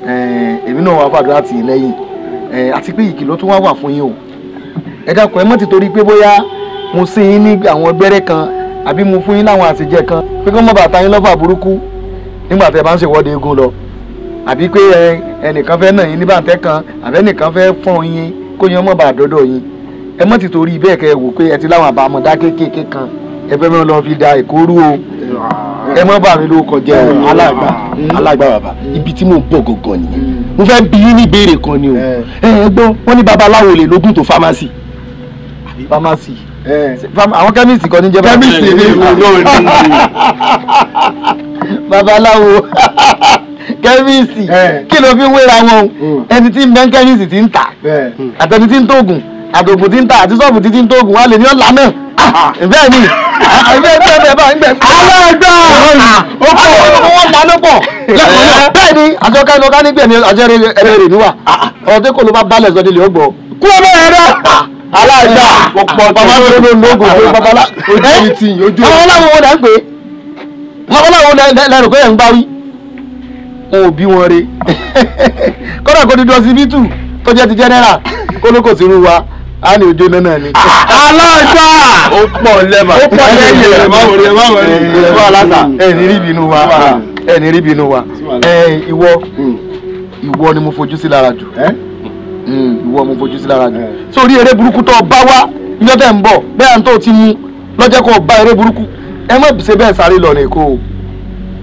eh, èmi náà wà fàdúrà tì í lẹ́yìn eh, àti pé ìkìlọ̀ tún wá wà fún yín o ẹ dákun ẹ mọ̀ ti torí pé bóyá mo sí yín ní àwọn gbẹ́rẹ́ kan àbí mo fún yín láwọn àtijẹ́ kan pé kí wọ́n má bàtà yín lọ́fà burúkú nígbà tẹ́ bá ń ṣèwọ́de eégún lọ àbí pé ẹnìkan fẹ́ nà yín ní bàǹtẹ́ kan àbẹ́nìkan fẹ́ fọ́n yín kó yín ọmọ bàdọ́dọ̀ yín ẹ mọ̀ ti torí bẹ́ẹ̀ kẹ́ ẹ wò pé ẹ ti láwọn àbámọ̀dá kéékèèké kan ẹ fẹ́ mọ́ lọ fi da èkó rú o ẹ mọ́ bàmí ló kọjá o mm. alágbà mm. alágbà bàbá ibi tí mò ń bọ̀ gangan nìyẹn mm. mo fẹ́ bi yín ní ìbéèrè kan ni o eh. ẹ gbọ́ wọ́n ní babaláwo lè lógún tó fámásì fámásì eh. àwọn kẹ́míìsì kan ní jẹ́ kẹ́míìsì ni ah. babaláwo kẹ́míìsì eh. kí ló fi wéra wọn o ẹni tí ń bẹ́ kẹ́míìsì ti ń tà àtẹni tí ń tóògùn àtòkù tí ń ta àti sọ́ọ̀bù títí ń tó oògùn wa lè ní ọ̀la ah, náà ah, ìfẹ́ mi ìfẹ́ mi ọ̀bẹ bá ń gbẹ. aláàgbà ọkọ ah, wọn pa ló pọ̀ bẹ́ẹ̀ ni àjọkẹ́ ni ọ̀ká nígbẹ̀ ni àjẹrẹ ẹ̀rẹ̀ rẹ̀ níwà ọ̀rọ̀ tí kò ló bá balẹ̀ sọ́dí lè ó gbọ́. kú ọ bẹ́ẹ̀ rẹ̀ aláàgbà bàbá mi ló ń lóògùn fún babalá. àwọn ọlọ́run wọn dà ń pè é àwọn ọlọ́run lẹ́rù pé ẹ̀ ń báwí wọn ò bí wọn re kọ́dà kó dídọ́ síbítù tó jẹ́ ti jẹ́nẹ́rà kólókòsí ru wa a ní ojú náà ni. alájà. ó pọ̀ lẹ́mà. ó pọ̀ lẹ́yìn rẹ̀ báwo ni báwo ni. ìfọ̀ aláta ẹni rí bínú wa ẹni rí bínú wa ìwọ hmm. ìwọ ni mo fojú sí lára jù hmm, ìwọ mo fojú sí lára jù sórí eré burúkú tó bá wá yọ tẹ̀ ń bọ̀ bẹ́ẹ̀ n tó ti mú lọ́jọ́ kó bá eré burúkú ẹ má ṣe bẹ́ẹ̀ sáré lọ ní èkó o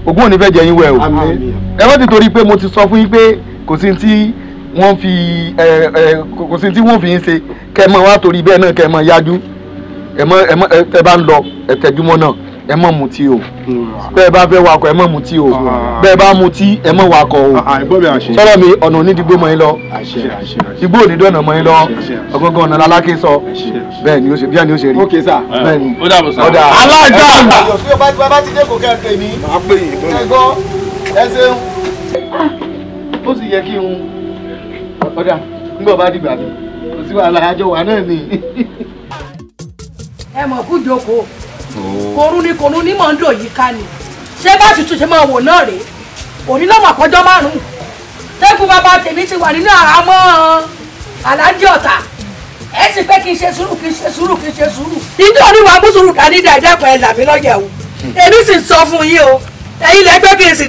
ògùn ò ní fẹ́ jẹ yín wẹ̀ o ẹ má ti torí pé mo ti sọ fún yín pé kò sí ti wọ́n fi ẹ ẹ kò sí tí wọ́n fi ń ṣe kẹ́ mọ wá torí bẹ́ẹ̀ náà kẹ́ mọ yájú ẹ mọ ẹ mọ ẹ bá ń lọ ẹ náà ẹ mọ mutí o bẹ́ẹ̀ bá fẹ́ wakọ̀ ẹ mọ mutí o bẹ́ẹ̀ bá mutí ẹ mọ wakọ̀ o ah, ah, sọ̀rọ̀ mi ọ̀nà onídìgbò mọ́ yín lọ igbó onídọ̀nà mọ́ yín lọ ọgọ́gọ́ ọ̀nà aláké sọ bẹ́ẹ̀ ni ó ṣe bí àní ó ṣe rí bẹ́ẹ̀ ni o bá ti bá ti ẹ ṣeun ah. ó sì yẹ kí n. ọ̀dà ńgbọ̀ bá dìgbà mi kò sí wàhálà àjọ wà náà ni. ẹ mọ̀ fún jókòó ni korún ní mọ̀ńdò yìí ká ni ṣé bá ti túnṣe máa wò náà rèé òní ún ti wà nínú ẹ sì pé kí n ṣe sùúrù kí n ṣe sùúrù kí n ṣe sùúrù. wàá mú hmm. sọ fún yín o kí n sì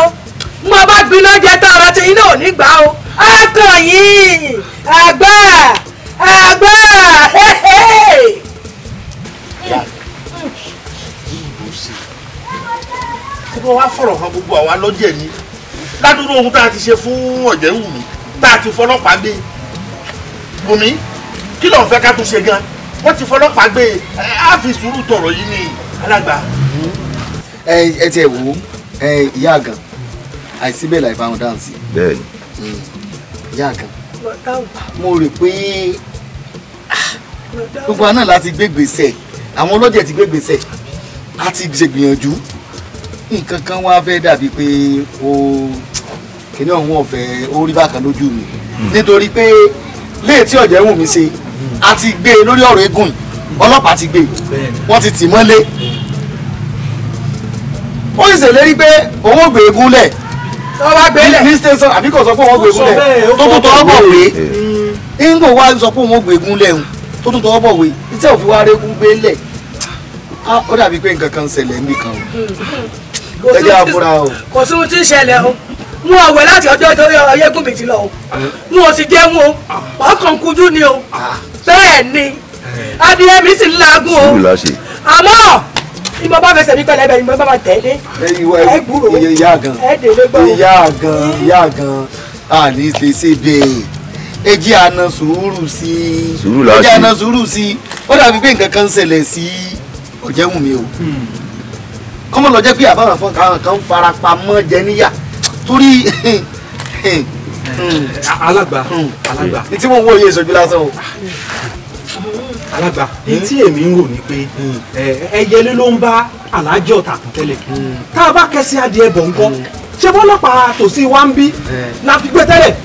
o o mo bá gbiná jẹ tá ọ̀rọ̀ tí iná ò ní gbà o ọkàn yìí àgbà àgbà. kókó wa fọ̀rọ̀ kan gbogbo àwa lọ́jẹ̀ ni ládùúgbò ohun tá a ti ṣe fún ọ̀jẹ̀wùmí tá a ti fọlọ́pàá gbé bùnmi kí ló ń fẹ́ ká tún ṣe gan wọ́n ti fọlọ́pàá gbé a fi sùúrù tọ̀rọ̀ yìí ni alàgbà. ẹ ẹ tiẹ̀ wò ó ìyá àgàn àìsí bẹ́ẹ̀ láì bá wọn dáhùn sí. bẹ́ẹ̀ ni. ìyá kan mo rò pé ah, gbogbo àná láti gbé gbèsè àwọn ọlọ́jẹ̀ ti gbé gbèsè a ti ṣègbìyànjú nǹkan kan wá fẹ́ dàbí pé o kìnní ọ̀hún ọ̀fẹ́ ó rí bákan lójú mi hmm. nítorí pé léètí ọ̀jẹ̀ wù mí ṣe a ti gbé e lórí ọ̀rọ̀ eégún yìí ọlọ́pàá ti gbé e wọ́n ti tì mọ́lé ó sì ṣèlérí pé òun ò gbé eégún lẹ̀ ọba gbélé ní station àbí kò sọ pé wọ́n gbégun lẹ̀ tó tún tọwọ́ bọ̀ wé mm. ingo wa sọ pé wọ́n gbégun lẹ̀ hùn tó tún tọwọ́ bọ̀ wé iṣẹ́ òfin wa régún gbélé ó dàbí pé nǹkan kan ṣẹlẹ̀ níbi kan o ẹ o. kò sí ohun tí ń ṣẹlẹ̀ o mú ọwẹ́ láti ọjọ́ ìtọ́rí ọyẹ́gùn mi ti lọ o mú o sì jẹun o ọkàn kujú ni o ah. bẹ́ẹ̀ ni eh. adìyẹ mi sì ń laagun o àmọ́ ni mo bá fẹsẹ̀ mi pẹ́lẹ́ bẹ́ẹ̀ ni mo bá ma tẹ̀lé ẹ gbúrò ẹ délé gbọ́. ìyá gan ìyá gan àní lè ṣe bẹ́ẹ̀ ejì àna sùúrù sí i ejì àna sùúrù sí i ó dàbí pé nǹkan kan ń ṣẹlẹ̀ sí ọ̀jẹ̀wùmí o hmm. kọ́mọ lọ jẹ́ pé àbáwọn fún káwọn kan fara pamọ́ jẹ níyà torí alàgbà hmm. alàgbà hmm. ní tí mo ń wọ iye ìṣojú lásán o alàgbà tí èmi ń rò ní pé hmm. ẹyẹlé ló ń bá alájọ tàkùn tẹ́lẹ̀ hmm. tá a bá kẹsí adìẹ bọ̀ ńkọ́ hmm. ṣé bọ́lọ́pàá tòsí wa ń bí eh. la fi gbé tẹ́lẹ̀ eh.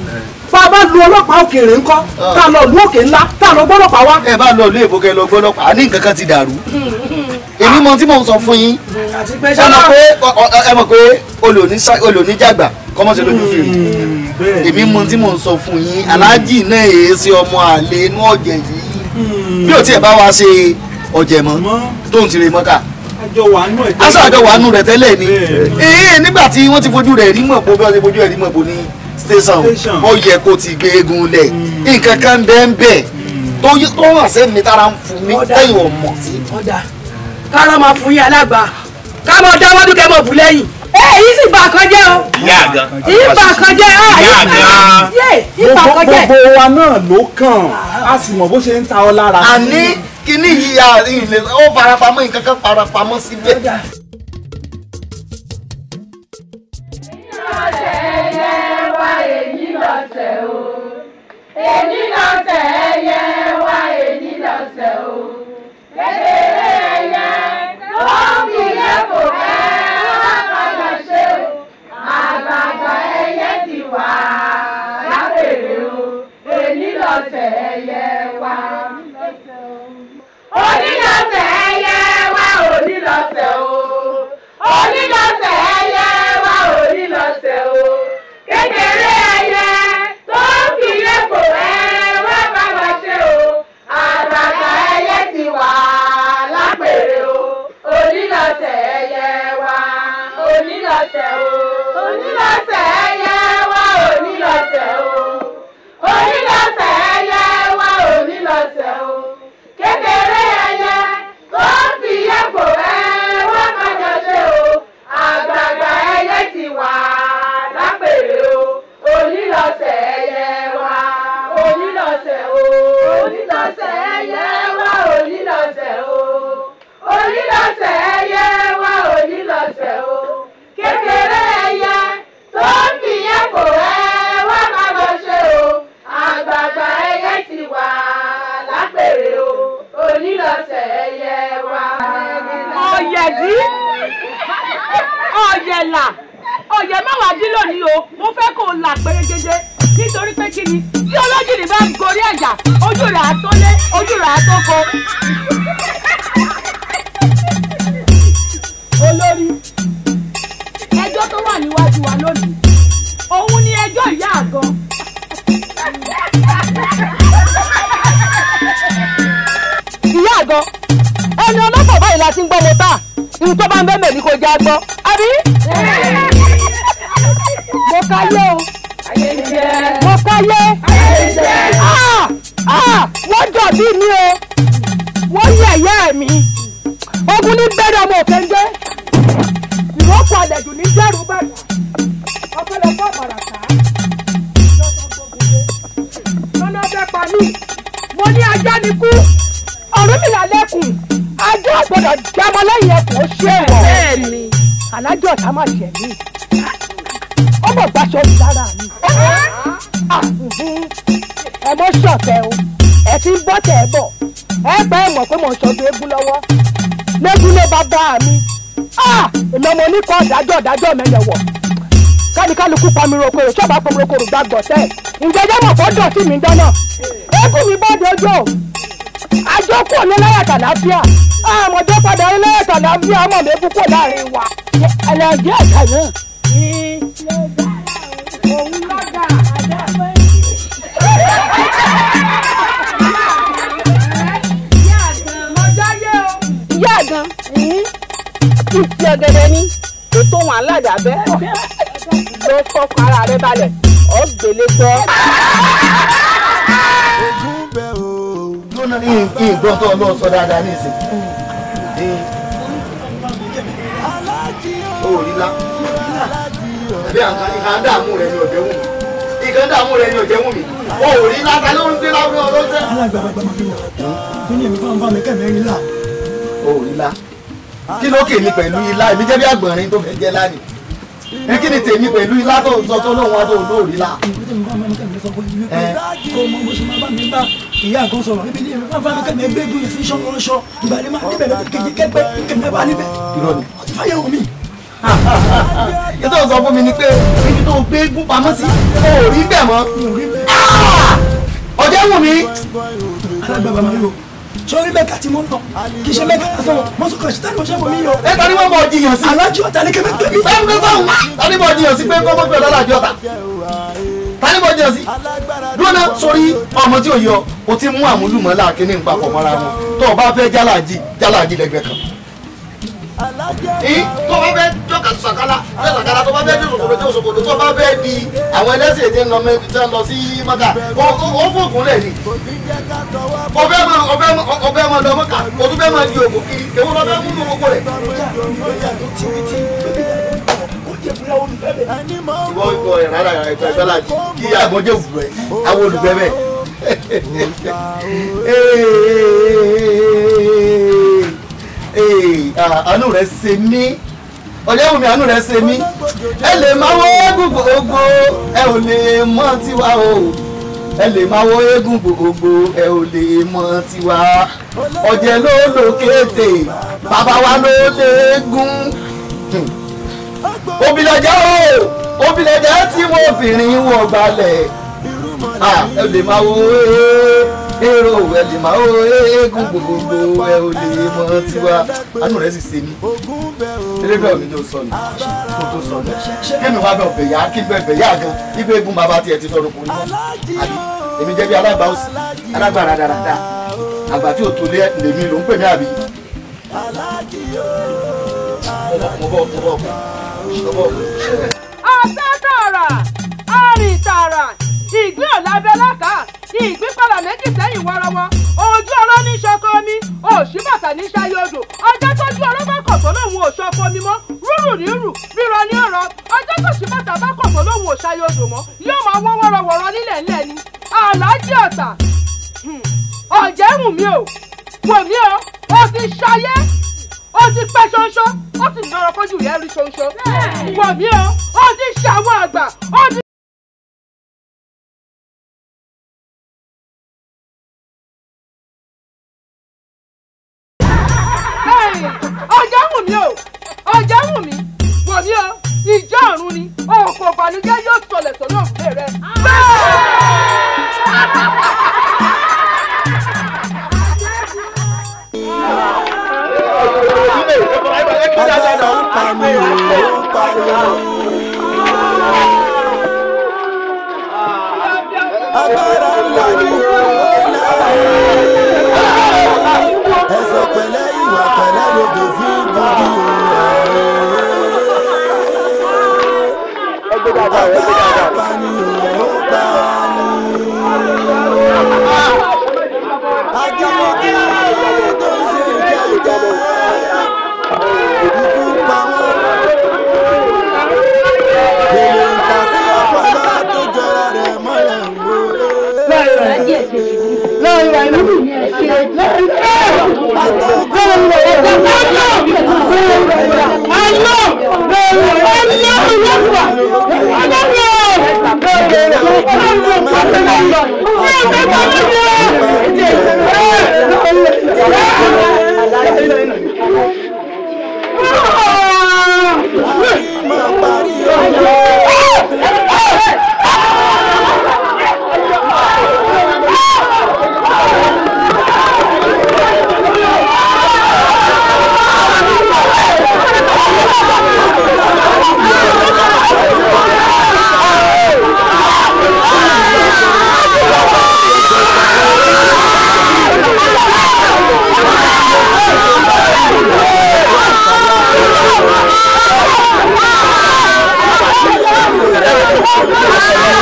bá a bá lu ọlọ́pàá òkèèrè ńkọ́ ah. tá a lọ lu òkè ńlá tá a lọ gbọ́lọ́pàá wá. ẹ bá lọ ilé ìbò kẹ lọ gbọ́lọ́pàá ní nǹkan kan ti dàrú èmi mọ tí mò ń sọ fún yín ẹ pé ẹ pé olùníjàgbà kọ́mọ̀sẹ̀ lójú fèrè èmi mọ tí mò ń sọ fún yín aláàjì náà èé sí ọmọ àlè inú ọ̀jẹ̀ yìí bí o tiẹ̀ bá wa ṣe ọ̀jẹ̀ tó ń tirè mọ́kà asa àjọ wà nù rẹ̀ tẹ́lẹ̀ ni ee nígbà tí wọ́n ti fojú rẹ̀ rí mọ̀pọ̀ bí wọ́n ti fojú rẹ̀ rí mọ̀pọ̀ ní station ó yẹ kó ti gbé egun lẹ̀ hmm. nǹkan kan bẹ́ẹ̀ ń bẹ̀ hmm. tó hàn sẹ́ni mi tára ń fún mi tẹ́yìn ọ̀mọ̀ sí. kára máa fún yín alágbà ká máa dáwọ́ dúkẹ́ mọ̀ bù lẹ́yìn èyí sì bà kan jẹ́ o èyí bà kan jẹ́ o ah, èyí bà kan jẹ́. gbogbo wa náà ló kàn á sì mọ̀ bó ṣe ń ta ọ lára. àní kíní yìí àìlè ó farapamọ́ nǹkan kan farapamọ́ síbẹ̀. èyí lọ́sẹ̀ ẹyẹ wa ಸೌ ọ̀yẹ̀dí ọ̀yẹ̀là ọ̀yẹ̀ mẹ́wàá dín lónìí o mo fẹ́ kó o là pérégede nítorí pé kí ni tí olójúlì bá ń gorí ẹ̀yà ojú rẹ̀ á tó lé ojú rẹ̀ á tó ko. olórí ẹjọ́ tó wà níwájú wa lónìí òun ni ẹjọ́ ìyá àgàn. ìyá àgàn ẹni ọlọ́pàá báyìí la ti ń gbọ́ ẹja gbọ́ àbí. mo káyé o mo káyé ah! Ah! wọ́n dọ̀bí mi o wọ́n yẹ̀yẹ́ mi ogun ní bẹ́ẹ̀ ni ọmọ òfin dé ìwọ́pọ̀ àlejò ní jẹ́rùú bàtà. àgbọ̀dọ̀ jẹ́ ọmọlẹ́yìn ẹ̀kọ́ ṣé wọ̀ alájọ ọ̀tá má ṣẹ̀ mí ọmọ ìbáṣọ mi lára mi ah, mhm. ẹ mọ o ẹ ti ń ẹ ẹ pé ló bá bá mi ìlọmọ ah, oníkọ́ ọ̀dájọ́ ọ̀dájọ́ mẹ́lẹ̀wọ̀ kálukálukú pamirokorò ṣọ́ọ̀bà pamirokorò gbàgbọ́ tẹ̀ ǹjẹ́ jẹ́ mọ̀ fọ́dọ̀ sí mi dáná mi àjọ kò ní láyàtà láfíà àmọ̀jọ́ padà ní láyàtà láfíà àmọ̀lẹ́ púpọ̀ láàrin wa ẹlẹ́jẹ́ ẹ̀ka náà. òun lọ́jà àjẹpẹ́. ìyá àgàn ìfi ọ̀gẹ̀dẹ̀ ni ètò wọn aládàá bẹ́ẹ̀ ló kọ́kọ́ ara rẹ balẹ̀ ọ̀gbẹ́lẹ́gbọ́ ìgbọ́n tó lọ sọ dáadáa ní ìsìn. o rí la bí àǹkan dààmú rẹ ni ọ̀jẹ̀ wù mí ìkan dààmú rẹ ni ọ̀jẹ̀ wù mí o rí la ta ló ń gbé láwùrọ̀ ọlọ́sẹ̀. alágbàlagbà máa fi wà kí ni èmi fáwọn fáwọn kẹ́mẹ́ rí la. o rí la kí ló kè mí pẹ̀lú ilá èmi jẹ́ bí àgbọ̀nrín tó fẹ́ jẹ́ lánìí ní kí ni tèmi pẹ̀lú ilá tó ń sọ tó lóun wá tó lóun rí la. ìgbésẹ̀ mi fáwọn fáwọn ṣe máa bá mi bá ìyá kan sọ̀rọ̀ níbi ilé wọn fún akẹ́kẹ́ ẹgbẹ́ ìgbìmọ̀ ìfi iṣan wọn ṣọ ìgbà ni máa níbẹ̀ lọ́dún kejì kẹ́gbẹ́ kẹ́gbẹ́ wà níbẹ̀ ọtí fáyà wọ̀ mí. ètò sọ fún mi ni pé ibi tó ń gbé gún pamọ́ sí o ò rí bẹ́ẹ̀ mọ́ ah! ọjọ́ wù mí. alágbàbà máa yọ sọrí mẹ́ta tí mo ń lọ kì í ṣe mẹ́ta lásán mo sọ kàn tani mo ṣe wọlé yọ. ẹ tani mo mọ jiyàn sí. alájọ tani kẹfẹ gbẹmí. fẹ́ẹ́ fẹ́ẹ́ fẹ́ẹ́ wá tani mo jiyàn sí pé kọ́kọ́ gbẹ̀rẹ̀ alájọ ta tani bọ́ jẹ́ sí lónà sórí ọmọ tí ò yọ o ti mú àmúlùmọ́ láàkín ní ìpapọ̀ mọ́ra wọn tó o bá fẹ́ jálàjì jálàjì lẹ́gbẹ̀ẹ́ kan. tó o bá fẹ́ jọ́ka sàkálà fẹ́ sàkálà tó o bá fẹ́ jọ́sọ̀ kòtò jọ́sọ̀ kòtò tó o bá fẹ́ di àwọn ẹlẹ́sìn èdè ńlọ mẹ́bí tí wọ́n lọ sí mọ́kà o fún ògùn rẹ̀ ni. o mọ o mọ o mọ lọ o tún fẹ́ mọ di ògùn kiri èwo lọ ìwọ ìwọ ìrara ìtọ́ ìtọ́lá kí àgbọ̀jẹ̀ òwúrọ̀ àwọn olùgbẹ́ bẹ́ẹ̀. Ah, àánú rẹ̀ ṣe mí ọ̀dẹ́wùmí àánú rẹ̀ ṣe mí ẹ lè máa wọ eégún gbogbo ẹ ò lè mọ tiwa o ẹ lè máa wọ eégún gbogbo ẹ ò lè mọ tiwa ọ̀jẹ̀ ló lò kété bàbá wa ló lè gún òbílẹ̀jẹ́ o òbílẹ̀jẹ́ tí mo obìnrin wọ̀ gbalẹ̀ à ẹ lè máa wo èrò ẹ lè máa wo eégún gbogbogbò ẹ ò lè mọ tiwa àánú rẹ sì ṣe mí elégbè mi tó sọnù tó tó sọnù kémi wá bẹ ọbẹ yá kí n bẹ ọbẹ yá gan ibi eégún bàbá tiẹ̀ ti sọ̀rọ̀ kò ní bọ́ àbí èmi jẹ́ bí alágbà òsì alágbà rádaràda àgbà tí ò tó lé lèmi ló ń pè mí àbí. mo bọ̀ mo bọ̀ bọ̀ ọ̀sẹ̀ tààrà àrìn tààrà ìgbín ọ̀làbẹ́láka ìgbín padà méjì sẹ́yìn wọ́rọ́wọ́ ojú ọ̀rọ̀ ní sọkọ omi òṣì bàtà ní ṣayé odò ọjọ́ tójú ọ̀rọ̀ bá kọ̀tọ́ lòun ò sọkọ omi mọ́ rúrù ní rù rírọ ní ọ̀rọ̀ ọjọ́ tóṣì bàtà bá kọ̀tọ́ lòun ò ṣayé odò mọ́ yóò máa wọ́n wọ́rọ̀wọ́rọ̀ nílẹ̀ ńlẹ̀ ni aláàjì ọ̀tà hmm. ọ̀jẹ̀ wù mí o wù mí o o ti ṣayé ó ti pẹ́ ṣoṣo ó sì lọ́rọ̀ kójú rẹ̀ rí ṣoṣo. wọ̀mí o ó ti ṣàwọn àgbà ó ti. Thank you. Yes.